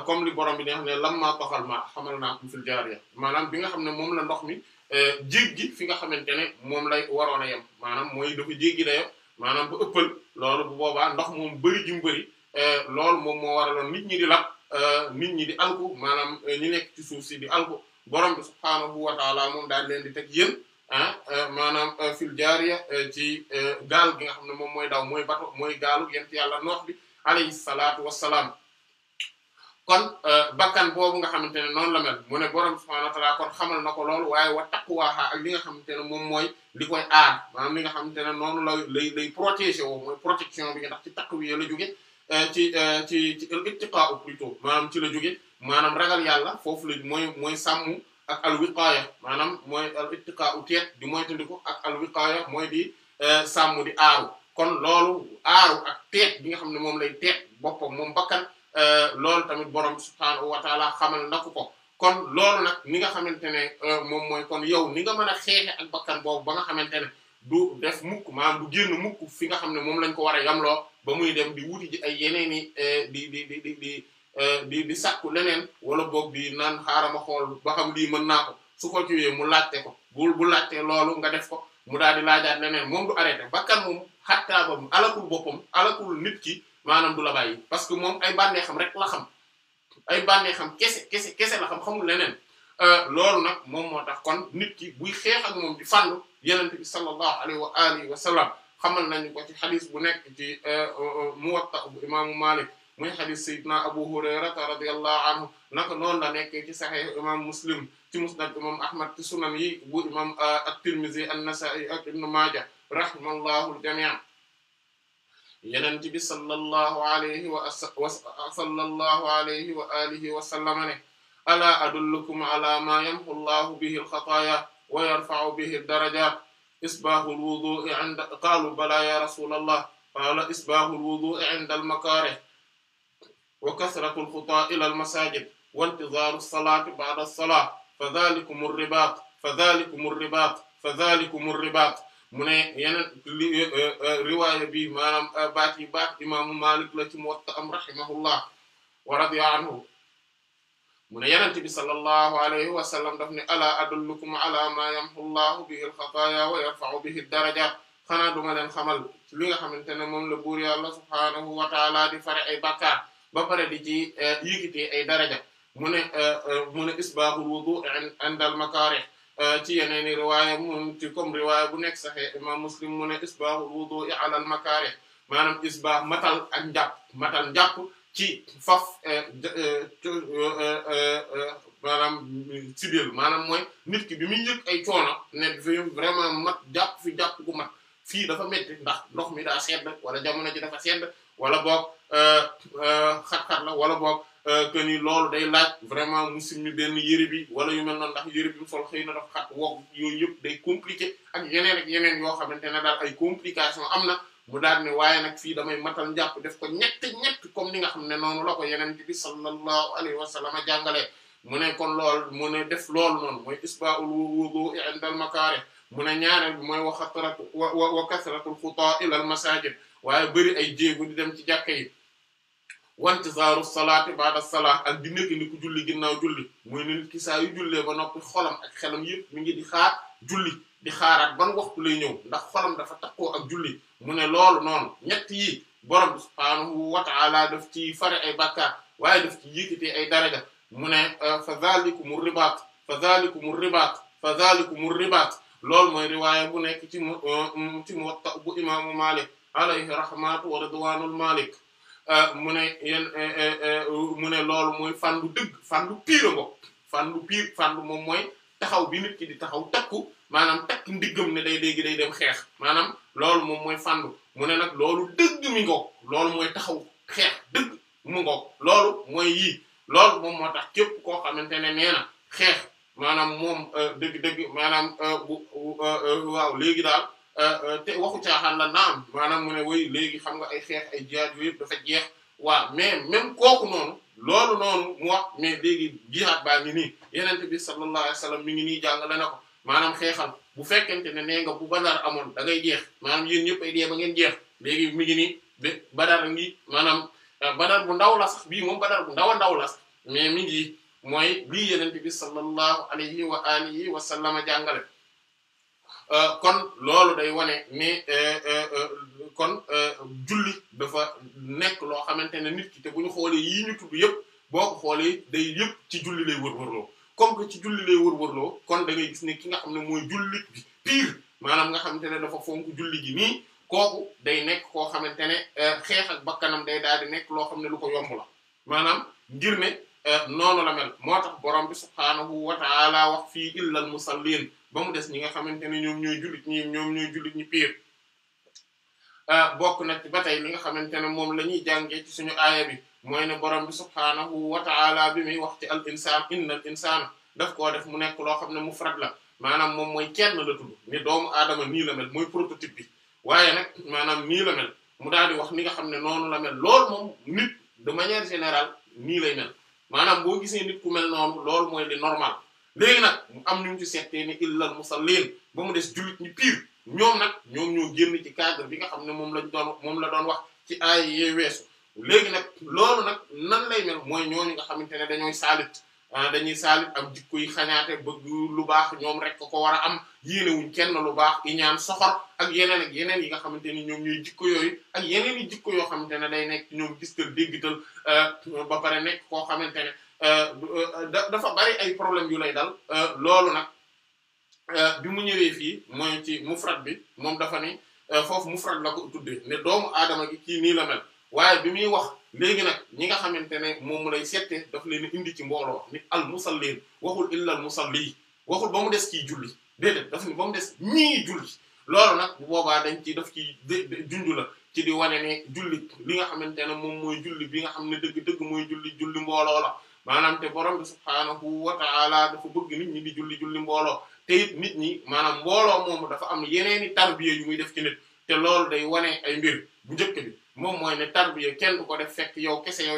comme li borom bi nga xam ne lam maa toxal ma naa ko fil maanaam bi nga xam ne moom la ndox mi jéggi fi nga xamante ne moom lay waroon a yem maanaam mooy dafa jéggi dayoo maanaam bu ëppal loolu bu boobaa ndox moom bëri ji mu bëri loolu moom moo waraloon nit ñi di lab nit ñi di alku maanaam ñi nekk ci suuf si di alku borom bi subhaanahu wa taala moom daal leen di teg yéen ah eh, maanaam eh, fil jaariya eh, ci gaal gi nga xam ne moom mooy daw mooy bato mooy gaalu yent yàlla noox bi alayhi salaatu wassalaam kon bakkan boobu nga xamante ne noonu la mel mu ne borom bi subhaanahu kon xamal na ko loolu waaye wa taqwaaha ak li nga xamante ne moom mooy li koy aar li nga xamante ne noonu la lay lay protéger woo mooy protection bi nga tax ci taqwiya la jóge Euh, euh, ci ci ci al ittiqaa plutôt maanaam ci la jóge maanaam ragal yàlla foofu la mooy mooy sàmm ak al wiqaaya maanaam mooy al ittiqaa u teet di ko ak al wiqaaya mooy di euh, sàmm di aaru kon loolu aaru ak teet bi nga xam ne moom lay teet boppam moom bakkan loolu tamit borom subhaanahu wa taala xamal na ko ko kon loolu nag ni nga xamante ne moom mooy kon yow ni nga mën a xeexe ak bakkan boobu ba nga xamante ne du def mukk maanaam du génn mukk fi nga xam ne moom lañ ko war a yamloo ba muy dem di wuti ji ay yeneeni eh, di di di di di eh, di di sàkku leneen wala boog di naan ma xool ba xam lii mën naa ko su ko ciwee mu laajte ko bul bu laajte loolu nga def ko mu daal di laajaat leneen moom du arrêté bakkan moom xattaa ba mu alakul boppam alakul nit ki maanaam du la bàyyi parce que moom ay bànneexam rek la xam ay bànneexam kese kese kese la xam xamul leneen eh, loolu nag moom moo tax kon nit ki buy xeex ak moom di fànn yenente bi sallallahu alayhi wa alihi xamal nañu ko ci xadis bu nekk ci euh, euh, muwatta bu imaamu malik muy xadis sayyidina abu hurayrata radiyallahu anhu naka noonu la nekkee ci sahih imam muslim ci musnad imam ahmad ci sunan yi bu imam euh, at-tirmidhi an-nasa'i ak ibn majah rahimallahu al-jami' yenent bi sallallahu alayhi wa sallallahu alayhi wa alihi wa sallama ne ala adullukum ala ma yamhu llahu bihi al-khataaya wa yarfa'u bihi ad-darajaat isbahul wudu'i inda qaalu balaa ya rasulallah qaala isbahul wudu'i inda al makaarih wa kasratul xutaa ila al masajid wa intizaaru salaati ba'da as-salaat fa dhalikum ar-ribaat fa dhalikum ar-ribaat fa dhalikum ar-ribaat mu ne yeneen e, e, e, riwaaya bi maanaam baat yi baat imaamu Maalik la ci Muwatta am rahimahullah wa radiya anhu mu ne yenent bi sallallahu alayhi wa sallam daf ne alaa adullukum ala ma yamhu llahu bihi alxataaya wa yarfa'u bihi darajaat xanaa duma leen xamal li nga xamante ne moom la buur yàlla subhaanahu wa taala di fare ay bàkkaar ba pare di ci eh, yigitee ay daraja mu ne eh, eh, mu ne isbaahul wudu inda al makaarih ci yeneeni riwaaya mu ci comme riwaaya bu nekk saxee imam muslim mu ne isbaahul wudu ala al makaarih maanaam isbaah matal ak njàpp matal njàpp ci faf euh, euh, euh, maanaam sibiru maanaam mooy nit ki bi mu yëg ay coono ne fi vraiment mat jàpp fi jàpp gu mat fii dafa metti ndax ndox mi daa sedd wala jamono ji dafa sedd wala boog xat-xat la wala boog que ni loolu day laaj vraiment mu simmi benn yëre bi wala yu mel noonu ndax yëre bi mu sol xëy na dafa xat wokk yooyu yëpp day compliqué ak yeneen ak yeneen yoo xamante ne daal ay complication am na mu daal ne waaye nag fii damay matal njàpp def ko ñetti ñetti comme ni nga xam ne noonu la ko yeneen bi sallallahu alayhi wa a jàngale mu ne kon lool mu ne def lool noonu mooy isbaul wudu inda al makaare mu ne ñaareel bi mooy wa xatratu wa kasratul xutaa ila al waaye bëri ay jéegu di dem ci jàkka yi wantizaaru salaati baada salaat ak di nekk ni ku julli ginnaaw julli muy ne nit jullee ba noppi xolam ak xelam yëpp mi ngi di xaar julli di xaaraat ban waxtu lay ñëw ndax xolam dafa takkoo ak julli mu ne loolu noonu ñett yi borom bi subhaanahu wa ta'ala ci fare ay bàkkaar waaye daf ci yëkkati ay daraja mu ne fa zalikumu ribaat fa zalikumu ribaat fa zalikumu ribaat loolu mooy riwaaya bu nekk ci mu uh, ci Muwatta bu imaamu Maalik alayhi rahmatu wa ridwaanul uh, mu ne yeen eh, eh, eh, ne loolu mooy fandu dëgg fandu piir ngo fandu piir fandu moom mooy taxaw bi nit ki di taxaw takku maanaam takk ndiggam ne day léegi day dem xeex maanaam loolu moom mooy fàndu mu ne nag loolu dëgg mi ngoog loolu mooy taxaw xeex dëgg mu ngoog loolu mooy yii loolu moom moo tax képp koo xamante ne nee na xeex maanaam moom euh, dëgg-dëgg maanaam euh, bu euh, waaw léegi daal te waxu caaxaan la naam maanaam mu ne woy léegi xam nga ay xeex ay jihaad yooyu yëpp dafa jeex waaw mais même kooku noonu loolu noonu mu wax mais léegi jihaad baa ngi nii yenente bi sallallahu alayhi wasallam mi ngi nii jàngale na ko maanaam xeexal bu fekkente ne nee nga bu badar amoon da ngay jeex maanaam yéen ñëpp a dee ba ngeen jeex léegi mi ngi nii ba badar ngi maanaam euh, badar bu ndaw la sax bii moom badar bu ndaw a ndaw la sax mais mi ngi mooy lii yenente bi sallallahu alayhi wa alihi wa sallama jàngale Euh, kon loolu day wane ni euh, euh, kon julli dafa nekk loo xamante ne nit ki te bu ñu xoolee yii ñu tudd yëpp boo ko xoolee day yëpp ci julli lay wër-wërloo ci julli lay wër-wërloo kon da gis ne ki nga xam ne mooy jullit bi pire maanaam nga xamante ne dafa fonk julli gi nii kooku day nekk koo xamante ne xeex bakkanam day daal di nekk loo xam ne lu ko yomb la maanaam ngir ne noonu la mel moo tax borom bi subhaanahu wa taala wax fii illal musallin ba mu des ñi nga xamante ne ñoom ñooy jullit ñi ñoom ñooy jullit ñi piir ah, bokk nag ba tey li nga xamante ne moom la ñuy jàngee ci suñu aaya bi mooy ne borom bi subhaanahu wa ta'ala bi muy wax ci al insaan innal insaana daf koo def mu nekk loo xam ne mufrad la maanaam moom mooy kenn la tudd ni doomu aadama nii la mel mooy prototype bi waaye nag maanaam nii la mel mu daal di wax ni nga xam ne noonu la mel loolu moom nit de manière générale nii lay mel boo gisee nit ku mel noonu loolu mooy li normal léegi nag mu am ni mu ci seetee ne illal musallin ba mu des jullit ñi pire ñoom nag ñoom ñoo génn ci cadre bi nga xam ne moom lañ doon moom la doon wax ci aay yee weesu léegi nag loolu nag nan lay mel mooy ñooñu nga xamante ne dañooy saalit ah, dañuy saalit am jikko yi xañaate bëgg lu baax ñoom rek ko war a am yéene wuñ kenn lu baax ñaan soxor ak yeneen ak yeneen yi nga xamante ni ñoom ñooy jikko yooyu ak yeneen yi jikko yoo xamante ne day nekk ñoom gis tal déggital ah, ba pare nekk koo xamante ne Euh, euh, dafa bari ay problèmes yu lay dal euh, loolu nag bi mu ñëwee fii mooy ci mufrad bi moom dafa ni foofu mufrad la ko tuddee ne doomu adama gi kii nii la mel waaye bi muy wax léegi nag ñi nga xamante ne moom lay seete daf leen indi ci mbooloo ni al musallin waxul illa al musalli waxul ba des kii julli déedéet daf ni des ñii julli loolu nag boobaa dañ ci daf ci junj la ci di wane ne julli li nga xamante ne moom mooy julli bi nga xam ne dëgg dëgg mooy julli julli mbooloo la maanaam te borom bi subhaanahu wa ta'ala dafa bëgg nit ñi di julli julli mbooloo te nit ñi maanaam mbooloo moomu dafa am yeneeni tarbiya yu muy def ci nit te loolu day wane ay mbir bu njëkk bi moom mooy ne tarbiya kenn du ko yow kese yow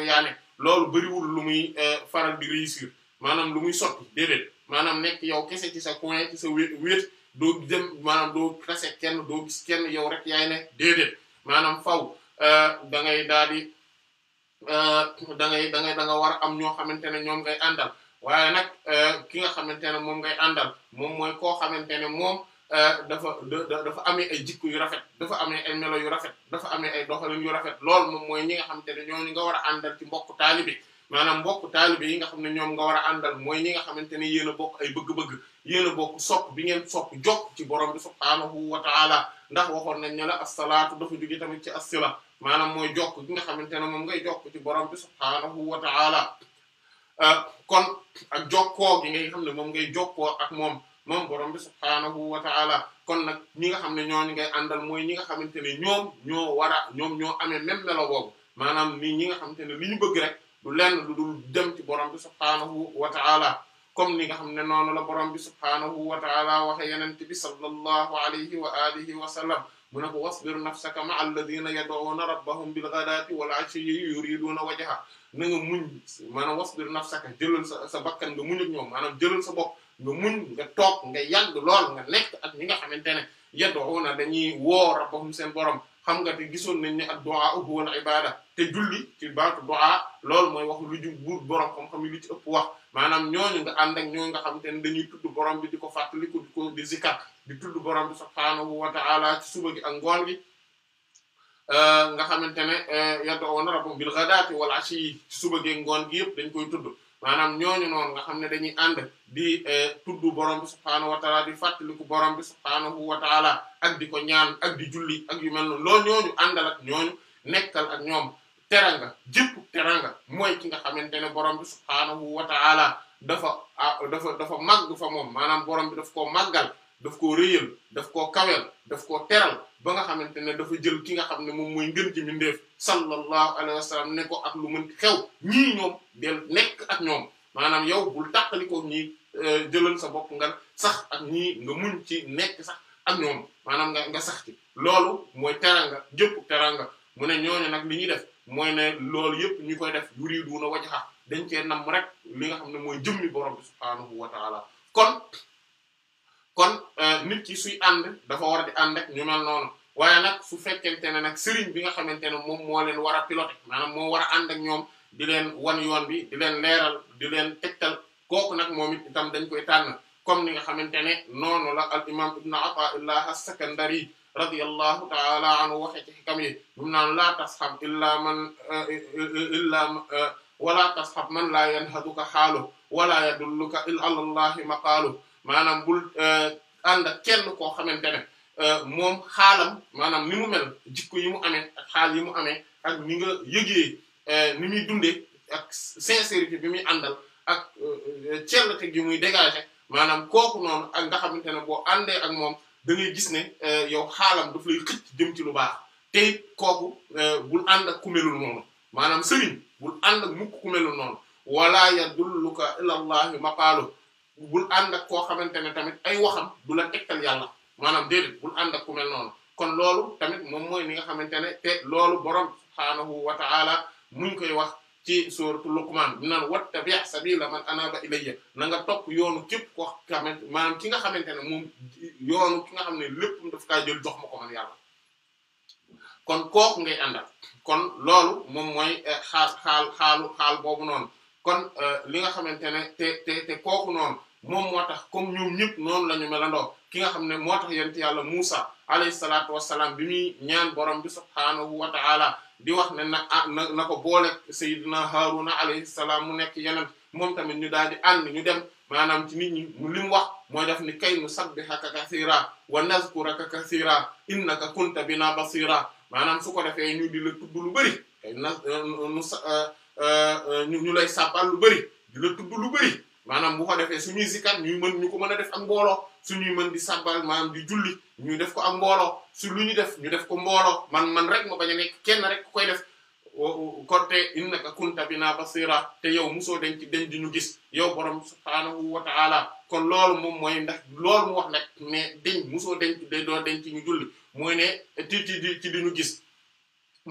loolu bëriwul lu muy eh, faral di réussir maanaam lu muy sotti déedéet maanaam yow kese ci sa coin sa wét wét doo dem maanaam doo tase kenn doo gis kenn yow rek yaay ne déedéet maanaam faw eh, da ngay daal Euh, da ngay da ngay da nga war a am ñoo xamante ne ñoom ngay àndal waaye nag euh, ki nga xamante ne moom ngay àndal moom mooy koo xamante ne moom euh, dafa dafa amee ay jikko yu rafet dafa amee ay melo yu rafet dafa amee ay doxalin yu rafet lool moom mooy ñi nga xamante ne ñooñu nga war a àndal ci mbokk taalibe maanaam mbokk taalibe yi nga xam ne ñoom nga war a àndal mooy ñi nga xamante ne yéen a bokk ay bëgg-bëgg yéen a bokk sopp bi ngeen sopp jokk ci borom bi subhaanahu wa ta'ala ndax waxoon nañ ne la as-salaatu dafa jóge tamit ci as-sila maanaam mooy jokk gi nga xamante ne moom ngay jokk ci borom bi subhaanahu wa ta'ala euh, kon ak jokkoo gi nga xam ne moom ngay jokkoo ak moom moom borom bi subhaanahu wa ta'ala kon nag ñi nga xam ne ñooñu ngay àndal mooy ñi nga xamante ne ñoom ñoo wara ñoom ñoo amee même melo boobu maanaam ni ñi nga xamante ne li ñu bëgg lu du lenn lu dul dem ci borom bi subhaanahu wa ta'ala comme ni nga xam ne noonu la borom bi subhaanahu wa ta'ala waxe yenente bi sallallahu alayhi wa alihi wa mu ne ko wasbir nafsaka ma alladhina yad'una rabbahum bil ghadati wal 'ashiyyi yuriduna wajha na nga muñ maanaam wasbir nafsaka jëlal sa sa bakkan nga muñ ak ñoom maanaam jëlal sa bopp nga muñ nga toog nga yàgg lool nga nekk ak ñi nga xamante ne yad'una dañuy woo rabbahum seen borom xam nga te gisoon nañ ne ak du'a huwa al ibada te julli ci baatu a loolu mooy wax lu ju buur borom xam-xam yi ëpp wax maanaam ñooñu nga ànd ak ñoo nga xamante dañuy tudd borom bi di ko fàttaliku di ko di zikar di tudd borom bi subhaanahu wa ta'ala ci suba gi ak ngoon euh, nga xamante ne euh, yad'una rabbahum bil ghadati wal ashiyyi ci ngoon gi yëpp dañ koy tudd maanaam ñooñu noonu nga xam ne dañuy ànd di euh, tudd borom bi subhaanahu wa ta'ala fàttaliku borom bi subhaanahu wa ta'ala ak di ko ñaan ak di ak yu mel noonu loolu ñooñu àndal ak nekkal ak ñoom teranga jëpp teranga mooy ki nga xamante ne borom bi subhaanahu wa ta'ala dafa ah, dafa dafa màgg fa moom maanaam borom bi daf koo màggal daf ko rëyal daf koo kaweel daf koo teral ba nga xamante ne dafa jël ki nga xam ne moom mooy ngën ci mindeef sallallahu alayhi wa sallam ne ko ak lu mën xew ñii ñoom del nekk ak ñoom maanaam yow bul tàqalikoo ñi euh, jëlal sa bopp nga sax ak ñii nga muñ ci nekk sax ak ñoom maanaam nga nga sax ci loolu mooy teranga jëpp teranga mu ne ñooñu nag li ñuy def mooy ne loolu yëpp ñu koy def yuriduuna wajha dañ cee nam rek li nga xam ne mooy jëmmi borom bi subhaanahu wa taala kon kon euh, nit ki suy ànd dafa war di ànd ak ñu mel noonu waaye nag su fekkente nag sëriñ bi nga xamante ne moom moo leen war a piloté moo war a ànd ñoom di leen wan yoon bi di leen leeral di leen tegtal kooku nag moom it itam dañ koy tànn comme ni nga xamante ne noonu la al imam ibn Ata'illah as-Sakandari radiyallahu ta'ala anhu waxe ci xikam yi mum naan laa tasxab illaa man euh, illaa euh, wala tasxab man laa yanhaduka xaalu wala yadulluka illa ma maqaalu maanaam bul euh, ànd ak kenn koo xamante ne euh, moom xaalam maanaam ni mu mel jikko yi mu amee ak xaal yi mu amee ak ni nga yëgee euh, ni muy dundee ak sincérité bi muy àndal ak cellate gi muy dégager maanaam kooku noonu ak nga xamante ne boo àndee ak moom da gis ne yow xaalam daf lay xëcc jëm ci lu baax te kooku bul ànd ak ku melul noonu maanaam sëriñ bul ànd ak mukk ku melul noonu wala yadulluka ilallahi maqaalu bul ànd ak koo xamante ne tamit ay waxam du la tegtal yàlla maanaam déedéet bul ànd ak ku noonu kon loolu tamit moom mooy ni nga xamante ne te loolu borom subhaanahu wa ta'ala muñ koy wax ci suuratu Luqmaan bi naan wattabi' sabiila man anaaba ilayya na nga topp yoonu képp koo xamante maanaam ki nga xamante ne moom yoonu ki nga xam ne lépp daf kaa jël jox ma ko man yàlla kon kooku ngay àndal kon loolu moom mooy eh, xaal xaal xaal boobu noonu kon eh, li nga xamante ne kooku noonu moom moo tax comme ñoom ñëpp noonu la ñu melandoo ki nga xam ne moo tax yent yàlla Musa alayhi salaatu wassalaam bi muy ñaan borom bi subhaanahu wa ta'ala di wax ne na ah, na na ko boole Seydina Haaruna alayhi salaam mu nekk yeneen moom tamit ñu daal di ànd ñu dem maanaam ci nit ñi mu li mu wax mooy def ni kay nusabbihaka kasiira wa nazkuraka kasiira innaka kunta bina basira maanaam su ko defee ñu di la tudd lu bëri kay euh, euh, euh, ñu lay sàbbal lu bëri di la lu bëri maanaam bu ko defee suñuy zikar ñuy mën ñu ko mën a def ak mbooloo suñuy mën di sabbal maanaam di julli ñu def ko ak mbooloo su lu ñu def ñu def ko mbooloo man man rek ma bañ a kenn rek ku koy def konte innaka kunta bina basira te yow musoo denc den di ñu gis yow borom subhaanahu wa ta'ala kon loolu moom mooy ndax loolu mu wax nag ne deñ mosoo denc de doo denc ñu julli mooy ne ti ti di ci di ñu gis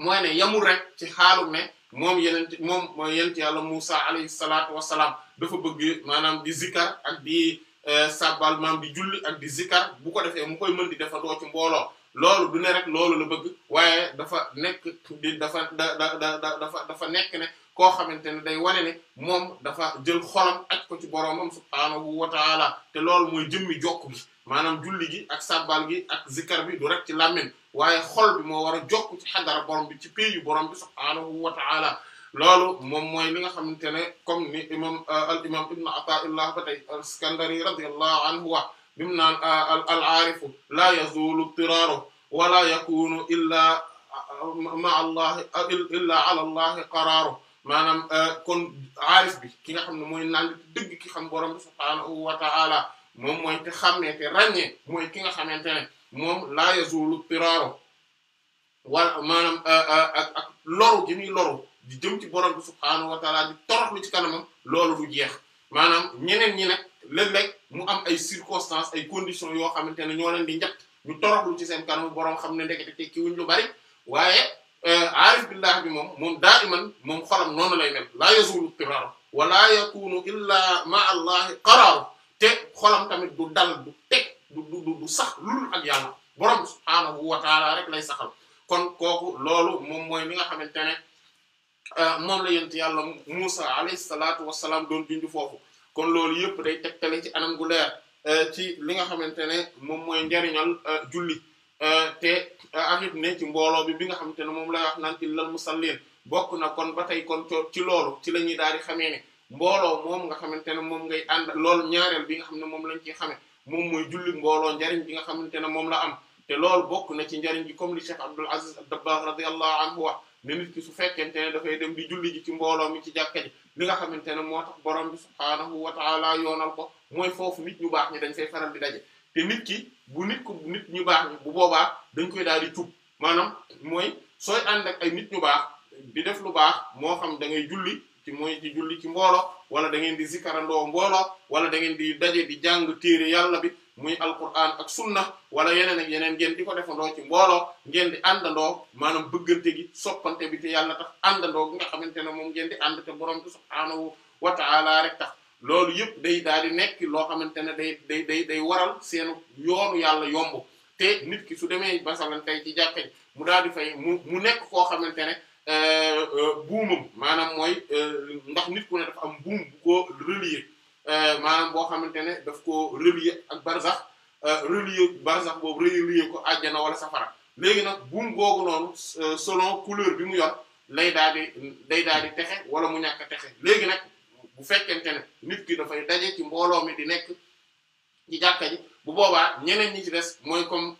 mooy ne yamul rek ci xaalum ne moom yeneen moom mooy yent yàlla Musa alayhi salaatu wassalaam dafa bëgg maanaam di zikar ak di eh, sabbal maam di julli ak di zikar bu ko defee mu koy mën di defandoo ci mbooloo loolu du ne rek loolu la bëgg waaye dafa nekk di dafa da da dafa dafa nekk ne koo xamante ne day wane ne moom dafa jël xolam ak ko ci boroomam subhaanahu wa taala te loolu mooy jëmmi jokk bi maanaam julli gi ak sabbal gi ak zikar bi du rek ci làmmiñ waaye xol bi moo war a jokk ci xadara borom bi ci pays yu borom bi subhaanahu wa taala loolu moom mooy li nga xamante ne comme ni imam euh, al imam ibn Ata'illah ba tey al-Iskandari radiyallahu anhu naan euh, al aarifu la yazulu ibtiraru wala yakunu illa euh, ma allah illa ala allah qaraaru maanaam kon aarif bi ki nga xam ne mooy naan dëgg ki xam borom moom mooy te mooy ki nga xamante ne moom la yazulu ibtiraru wala maanaam ak ak gi muy di jëm ci borom bi subhaanahu wa taala di toroxlu ci kanamam loolu du jeex maanaam ñeneen ñi nag léeg mu am ay circonstances ay conditions yoo xamante ne ñoo leen di njatt ñu toroxlu ci seen kanam borom xam ne ndekete tekki wuñ lu bari waaye euh, aarif billah bi moom moom daiman moom xolam noonu lay mel laa yazulu qiraaru wala yakunu illa ma allahi qaraaru te xolam tamit du dal du teg du du sax lul ak yàlla borom subhaanahu wa rek lay saxal kon kooku loolu moom mooy mi nga xamante ne Euh, moom la yent yàlla Musa alayhi salaatu wa salaam doon junj foofu kon loolu yëpp day tegtale ci anam gu leer euh, ci li nga xamante ne moom mooy njariñal euh, julli te ne ci mbooloo bi bi nga xamante ne moom lay wax naan illal musallin bokk na kon ba tey kon ci loolu ci la ñuy daal di xamee ne mbooloo nga xamante ne moom ngay ànd loolu ñaareel bi nga xam ne moom lañ ciy xamee moom mooy julli mbooloo njariñ bi nga xamante ne moom la am te lool bokk na ci njariñ bi comme li Cheikh Abdul Aziz ad-Dabbagh radiyallahu anhu ne nit ki su fekkente ne dafay dem di julli ji ci mbooloo mi ci jàkka ji li nga xamante ne moo tax borom bi subhaanahu wa ta'ala yoonal ko mooy foofu nit ñu baax ñi dañ fay faral di daje te nit ki bu nit ko nit ñu baax ñi bu boobaa dañ koy daal di tuub maanaam mooy sooy ànd ay nit ñu baax di def lu baax moo xam da ngay julli ci mooy ci julli ci mbooloo wala da ngeen di zikarandoo mbooloo wala da ngeen di daje di jàng téere yàlla bi muy alquran ak sunna wala yeneen ak yeneen ngeen di ko defandoo ci mbooloo ngeen di àndandoo maanaam bëggante gi soppante bi te yàlla tax àndandoo nga xamante ne moom ngeen di ànd te borom bi subhaanahu wa ta'ala rek tax loolu yëpp day daal di nekk loo xamante ne day day day day waral seen yoonu yàlla yomb te nit ki su demee basalan tey ci jàppe mu daal di fay mu mu nekk koo xamante ne euh, euh, buumam maanaam mooy euh, ndax nit ku ne dafa am buum ko relier Euh, maanaam boo xamante ne daf ko relier ak barzax euh, relier barzax boobu relier ko àjjana wala safara léegi nag buum googu noonu euh, selon couleur bi mu yor lay daal di day daal di texe wala mu ñàkk texe léegi nag bu fekkente ne nit ki dafay daje ci mbooloo mi di nekk ci jàkka ji bu boobaa ñeneen ñi ci des mooy comme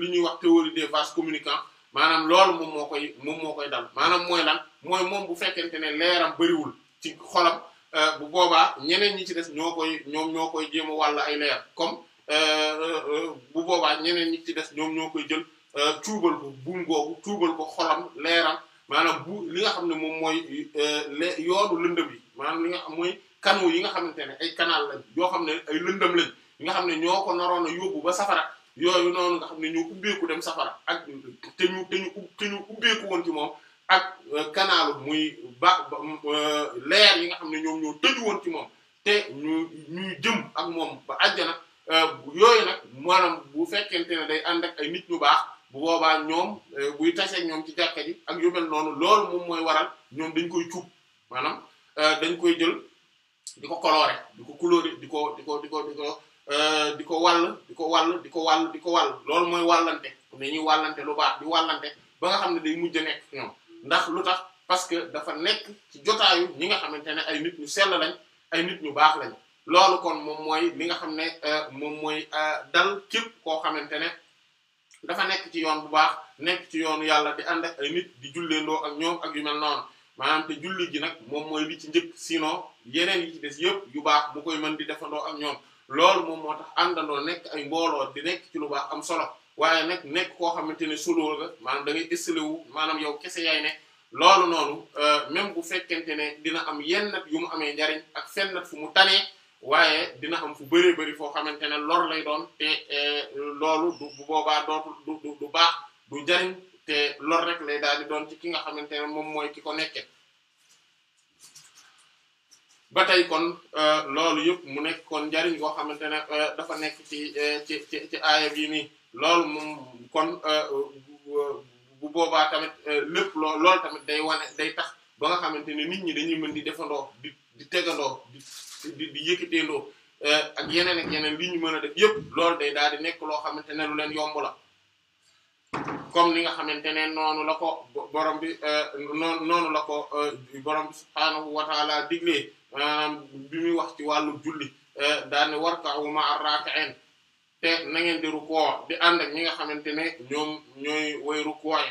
li ñuy wax théorie des vases communicants maanaam loolu moom moo koy moom moo koy dal maanaam mooy lan mooy moom bu fekkente ne leeram bariwul ci xolam Euh, bu boobaa ñeneen ñi ci des ñoo koy ñoom ñoo koy jéem wàll ay leer comme euh, euh, bu boobaa ñeneen ñi ci des ñoom ñoo koy jël cuubal ko buum googu cuubal ko xolam leeram maanaam bu li nga xam ne moom mooy yoonu lëndëm yi maanaam li nga xam mooy canaux yi nga xamante ne ay canal lañ yoo xam ne ay lëndëm lañ nga xam ne ñoo ko naroon a yóbbu ba safara yooyu noonu nga xam ne ñu ubbeeku dem safara ak te ñu te ñu ubbeeku woon moom ak kanaalu euh, muy ba euh, leer yi nga xam ne ñoom ñoo tëju woon ci moom te ñu ñuy jëm ak moom ba àjjana euh, yooyu nag maanaam bu fekkente ne day ànd ak ay nit ñu baax bu boobaa ñoom buy taseeg ñoom ci jàkka ji ak yu mel noonu loolu moom mooy waral ñoom dañ koy cuub maanaam dañ koy jël di ko coloré di ko coloré di ko di ko di ko di ko di ko wàll di ko wàll di ko wàll di ko wàll loolu mooy wàllante dañuy wàllante lu baax di wàllante ba nga xam ne day mujj nekk ñoom ndax lu tax parce que dafa nekk ci jotaayu ñi nga xamante ne ay nit ñu sell lañ ay nit ñu baax lañ loolu kon moom mooy li nga xam ne euh, moom mooy euh, dal képp koo xamante ne dafa nekk ci yoon bu baax nekk ci yoon yàlla di ànd ak ay nit di julleendoo ak ñoom ak yu mel noonu maanaam te ji nag moom mooy li ci njëkk sinon yeneen yi ci des yëpp yu baax mu koy mën di defandoo ak ñoom loolu moom tax àndandoo nekk ay mbooloo di nekk ci lu baax am solo waaye nag nekk koo xamante ne solo la maanaam da ngay wu maanaam yow kese yaay ne loolu noonu euh, même bu fekkente ne dina am yenn yu mu amee njariñ ak fenn fu mu tanee waaye dina am fu bëree bari foo xamante ne lor lay doon te euh, loolu du bu du du baax du njariñ te lor rek lay daal di doon ci ki nga xamante ne moom mooy ki ko nekke ba tey kon euh, loolu yëpp mu nekk kon njariñ koo xamante ne dafa nekk ci ci ci ci aaya loolu moom kon euh, bu boobaa tamit euh, lépp loo loolu tamit day wane day tax ba nga xamante ne nit ñi dañuy mën di defandoo di di tegandoo di di di yëkkateendoo euh, ak yeneen ak yeneen li ñu mën a def yëpp loolu day daal di nekk loo xamante ne lu leen yomb la comme ni nga xamante ne noonu la ko borom bi noonu noonu la ko borom bi subhaanahu wa taala diglee maanaam bi muy wax ci wàllu julli daal ne warka'u te na ngeen di rukkoo di ànd ak ñi nga xamante ne ñoom ñooy way rukkoo yi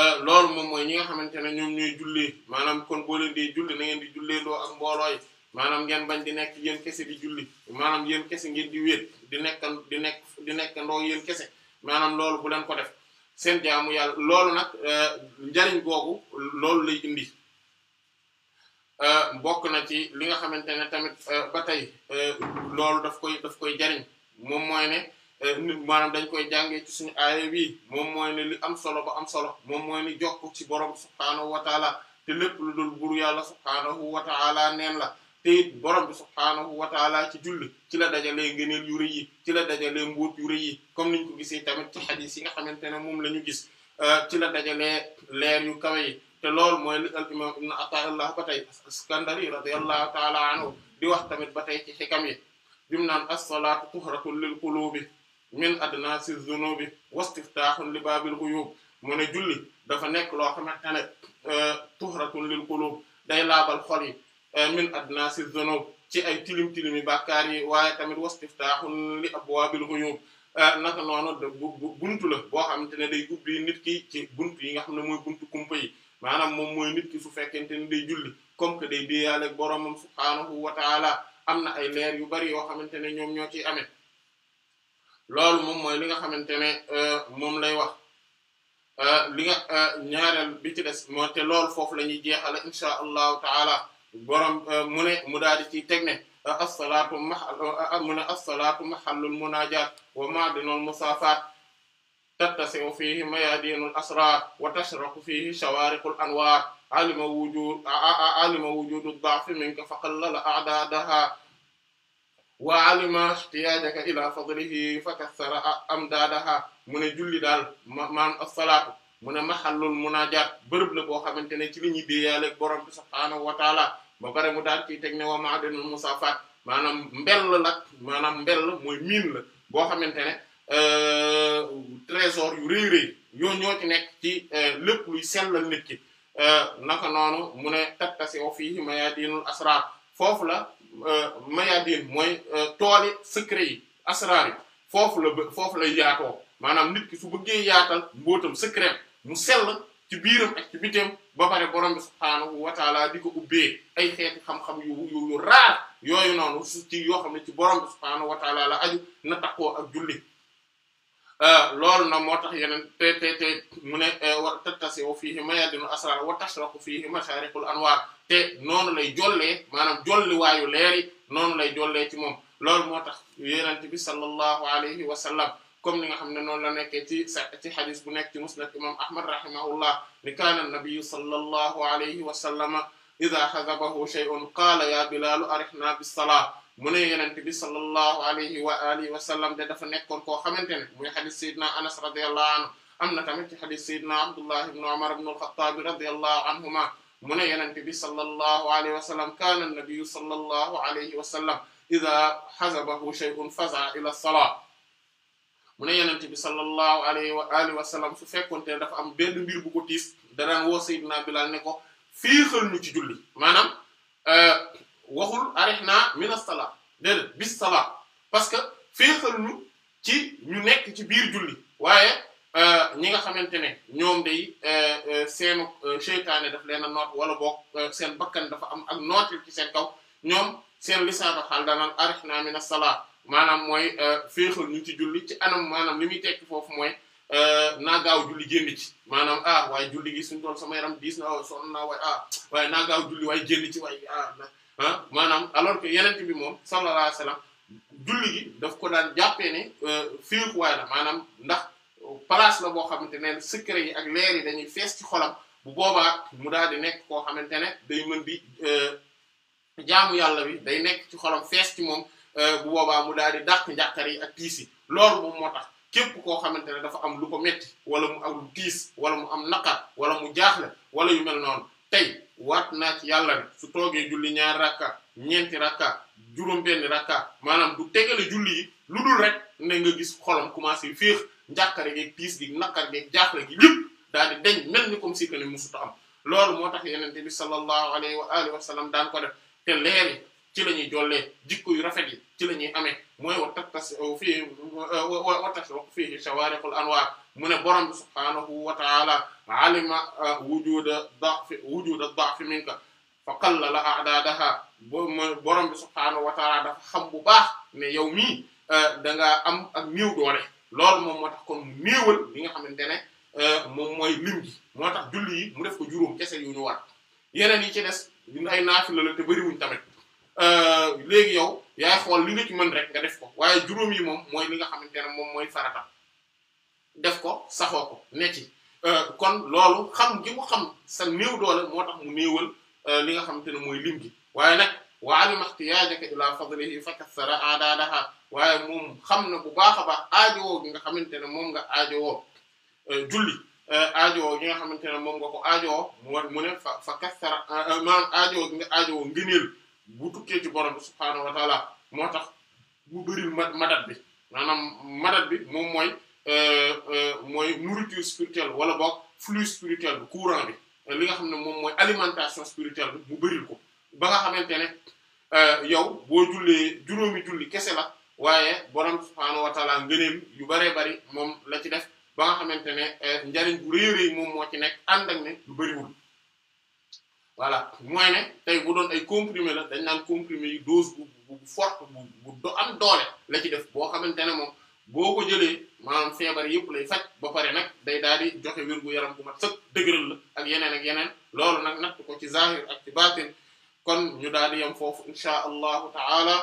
euh, loolu moom mooy ñi nga xamante ne ñoom ñooy julli maanaam kon boo leen di julli na ngeen di jullee doo ak mbooloo yi maanaam ngeen bañ di nekk yéen kese di julli maanaam yéen kese ngeen di wéet di nekk di nekk di nekk ndoo yéen kese maanaam loolu bu leen ko def seen jaamu yàlla loolu nag euh, njariñ googu loolu lay indi Euh, bokk na ci li nga xamante ne tamit euh, ba tey euh, loolu daf koy daf koy jariñ moom mooy ne nit maanaam dañ koy jànge ci suñu aaya bii moom mooy ne li am solo ba am solo moom mooy ni jokk ci borom subhaanahu wa taala te lépp lu dul buru yàlla subhaanahu wa taala neen la te it borom bi subhaanahu wa taala ci julli ci la dajalee ngëneel yu rëy yi ci la dajalee mbuut yu rëy yi comme niñ gisee tamit ci xadiis yi nga xamante ne moom la ñu gis ci la dajalee leer yu kawe yi te loolu mooy li al imam ibn Ata'illah ba tey Iskandari radiyallahu ta'ala anhu di wax tamit ba tey ci xikam yi bim naan as-salaatu tuhratun lil qulubi min adnasi zunubi wastiftahun li babil ghuyub mu ne julli dafa nekk loo xamante ne euh, tuhratun lil qulub day laabal xol yi euh, min adnasi zunub ci ay tilim tilimi bàkkaar yi waaye tamit wastiftahun li abwabil ghuyub euh, naka noonu buntu la boo xamante ne day ubbi nit ki ci buntu yi nga xam ne muy buntu kumpa yi maanaam moom mooy nit ki su fekkente ni day julli comme que day biyaaleeg boromam subhaanahu wa taala am na ay leer yu bari yoo xamante ne ñoom ñoo ciy amee loolu moom mooy li nga xamante ne euh, moom lay wax euh, li nga euh, ñaareel bi ci des moo te loolu foofu la ñuy jeexale insha allahu taala borom mu ne mu daal di ciy teg ne as-salaatu ma mu ne as-salaatu mahallul munaajaat wa ma'dinul tattasi'u fiihi mayaadiinul asraar wa tashraqu fiihi shawaariqul anwaar alima wujuud alima wujuudu ad-da'fi minka fa qallala a'daadahaa wa alima ihtiyaajaka ilaa fadlihi fa kassara amdaadahaa mu ne julli daal maam as-salaatu mu ne mahallul munaajaat bërëb la boo xamante ne ci li ñuy déeyaaleeg borom bi subhaanahu wa taala ba pare mu daal ciy teg ne wa ma'dinul musaafaat maanaam mbell la maanaam mbell mooy miin la boo xamante ne. Euh, trésor yu rëy rëy yoo ñoo nekk ci euh, lépp luy sellal nit ki euh, naka noonu mu ne tattasi'u fiihi mayaadiinul asraar foofu la maya mayaadiin mooy tooli secret yi asraar yi foofu la foofu lay yaatoo maanaam nit ki su bëggee yaatal mbootam secret mu sell ci biiram ak ci biteem ba pare borom bi subhaanahu di ko ubbee ay xeeti xam-xam yu yu raar yooyu noonu ci yoo xam ne ci borom bi subhaanahu wa la aju na taqoo ak julli Euh, loolu nag moo tax yeneen te te te mu ne euh, wa tattasi'u fiihi mayaadinu asraar wa tashraqu fiihi mashaariqul anwaar te noonu lay jollee maanaam jolli waayu leeri noonu lay jollee ci moom loolu moo tax yonent bi sallallahu alayhi wa sallam comme ni nga xam ne noonu la nekkee ci sa ci xadis bu nekk ci musnad imam ahmad rahimahullah ni kaana nabiyyu sallallahu alayhi wa sallama idaa xadabahu shay'un qaala yaa bilaalu arihnaa bis-salaa mu ne yenente bi sallallahu alayhi wa alihi wa sallam de dafa nekkoon koo xamante ne muy xadis sayyidina anas radiyallahu anhu am na tamit ci xadis sayyidina abdullah ibn umar ibn al-khattab radiyallahu anhuma mu ne yenente bi sallallahu alayhi wa sallam kaana an-nabiyyu sallallahu alayhi wa sallam idha hazabahu shay'un faza'a ila as-salat mu ne yenente bi sallallahu alayhi wa alihi wa sallam su fekkonte ne dafa am benn mbir bu ko tiis daraan woo sayyidina bilal ne ko fiixal ñu ci julli maanaam euh, waxul arihna minas salaat déedéet bis salaat parce que féexal ñu ci ñu nekk ci biir julli waaye euh, ñi nga xamante ne ñoom day euh, euh, seenu seytaane daf leen a noot wala boog seen bakkan dafa am ak nootil ci seen kaw ñoom seen lisaanu xaal danaan arihna minas salaa maanaam mooy féexal ñu ci julli ci anam maanaam li muy tekki foofu mooy naa gaaw julli génn ci maanaam a ah, waaye julli gi suñ tool sama yaram diis na sonn waaye ah waaye naa gaaw julli waaye génn ci waaye ah ah maanaam alors que yeneen bi moom sallallahu alayhi wa sallam julli gi daf ko daan jàppee ne euh, féekuwaay la maanaam ndax place la boo xamante ne secret yi ak leer yi dañuy fees ci xolam bu boobaa mu daal di nekk koo xamante ne day mën di euh, jaamu yàlla bi day nekk ci xolam fees ci moom euh, bu boobaa mu daal di dàq njàqare yi ak tiis yi loolu moom moo tax képp koo xamante ne dafa am lu ko metti wala mu am lu tiis wala mu am naqar wala mu jaaxle wala yu mel noonu tey waat naa ci yàlla ne su toogee julli ñaar rakka ñeenti rakka juróom benn rakka maanaam du tegale julli yi lu dul rek ne nga gis xolam commencé féex njàqare geeg tiis gi naqar geeg jaaxle gi lépp daal di deñ mel ni comme si que ne am loolu moo tax yenente bi sallallahu alayhi wa alihi wa sallam daan ko def te leeri ci la ñuy jollee jikko yu rafet yi ci la ñuy amee mooy wa tattas fii wa tattas fii shawariqul anwaar mu ne borom subhaanahu wa ta'ala alima ah, wujuda da'fi wujuda da'fi minka fa qallala a'dadaha borom bi subhaanahu wa ta'ala dafa xam bu baax ne yow mii ah, da nga am ak néew doole loolu moom moo tax kon mu néewal nga xamante ne ah, moom mooy lim gi moo tax julli yi mu def ko juróom kese yu ñu yeneen yi ci des ñun ay naafila la te bëriwuñ tamit léegi yow yaay xool li nga ci rek nga def ko waaye juróom moom mooy li nga xamante ne moom mooy farata def ko saxoo ko euh, kon loolu xam gi mu xam sa néew doole moo tax mu néewal euh, li nga xamante ne mooy lim gi waaye nag wa alima ihtiyajaka ila fadlihi fa kassara adadaha waaye moom xam na bu baax a baax aajowoo gi nga xamante ne moom nga aajowoo euh, julli aajowoo gi nga xamante ne moom nga ko aajowoo mu ne fa fa kassara maanaam aajowoo gi nga aajowoo ngëneel bu tukkee ci moo tax bu bëril madat bi maanaam madat bi moom mooy Euh, euh, mooy nourriture spirituelle wala boog flux spirituel bi courant bi euh, li nga xam ne moom mooy alimentation spirituelle bi mu bëril ko ba nga xamante ne yow boo julee juróomi julli kese la waaye borom subhaanahu wa taala ngëneem yu baree bari moom la ci def ba nga xamante ne njariñ bu rëy rëy moom moo ci nekk ànd ak ne lu bëriwul voilà mooy ne tey bu doon ay comprimé la dañ naan comprimé yu dose bu bu forte bu am doole la ci def boo xamante ne moom boo ko jëlee maanaam feebar yëpp la faj ba pare nag day daal di joxe wér gu yaram bu mat sëkk dëgëral la ak yeneen ak yeneen loolu nag natt ko ci zahir ak ci kon ñu daal di yam foofu inchaa allahu ta'ala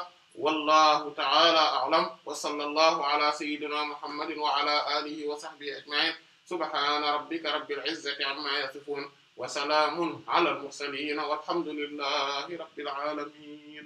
wallahu ta'ala a'lam wa sallallahu a sayyidina muhammadin wa ala alihi wa sahbihi ajma'in subhana rabbika rabbil izzati amma yasifun wa salaamun ala al mursalin walhamdulillahi rabbil alamin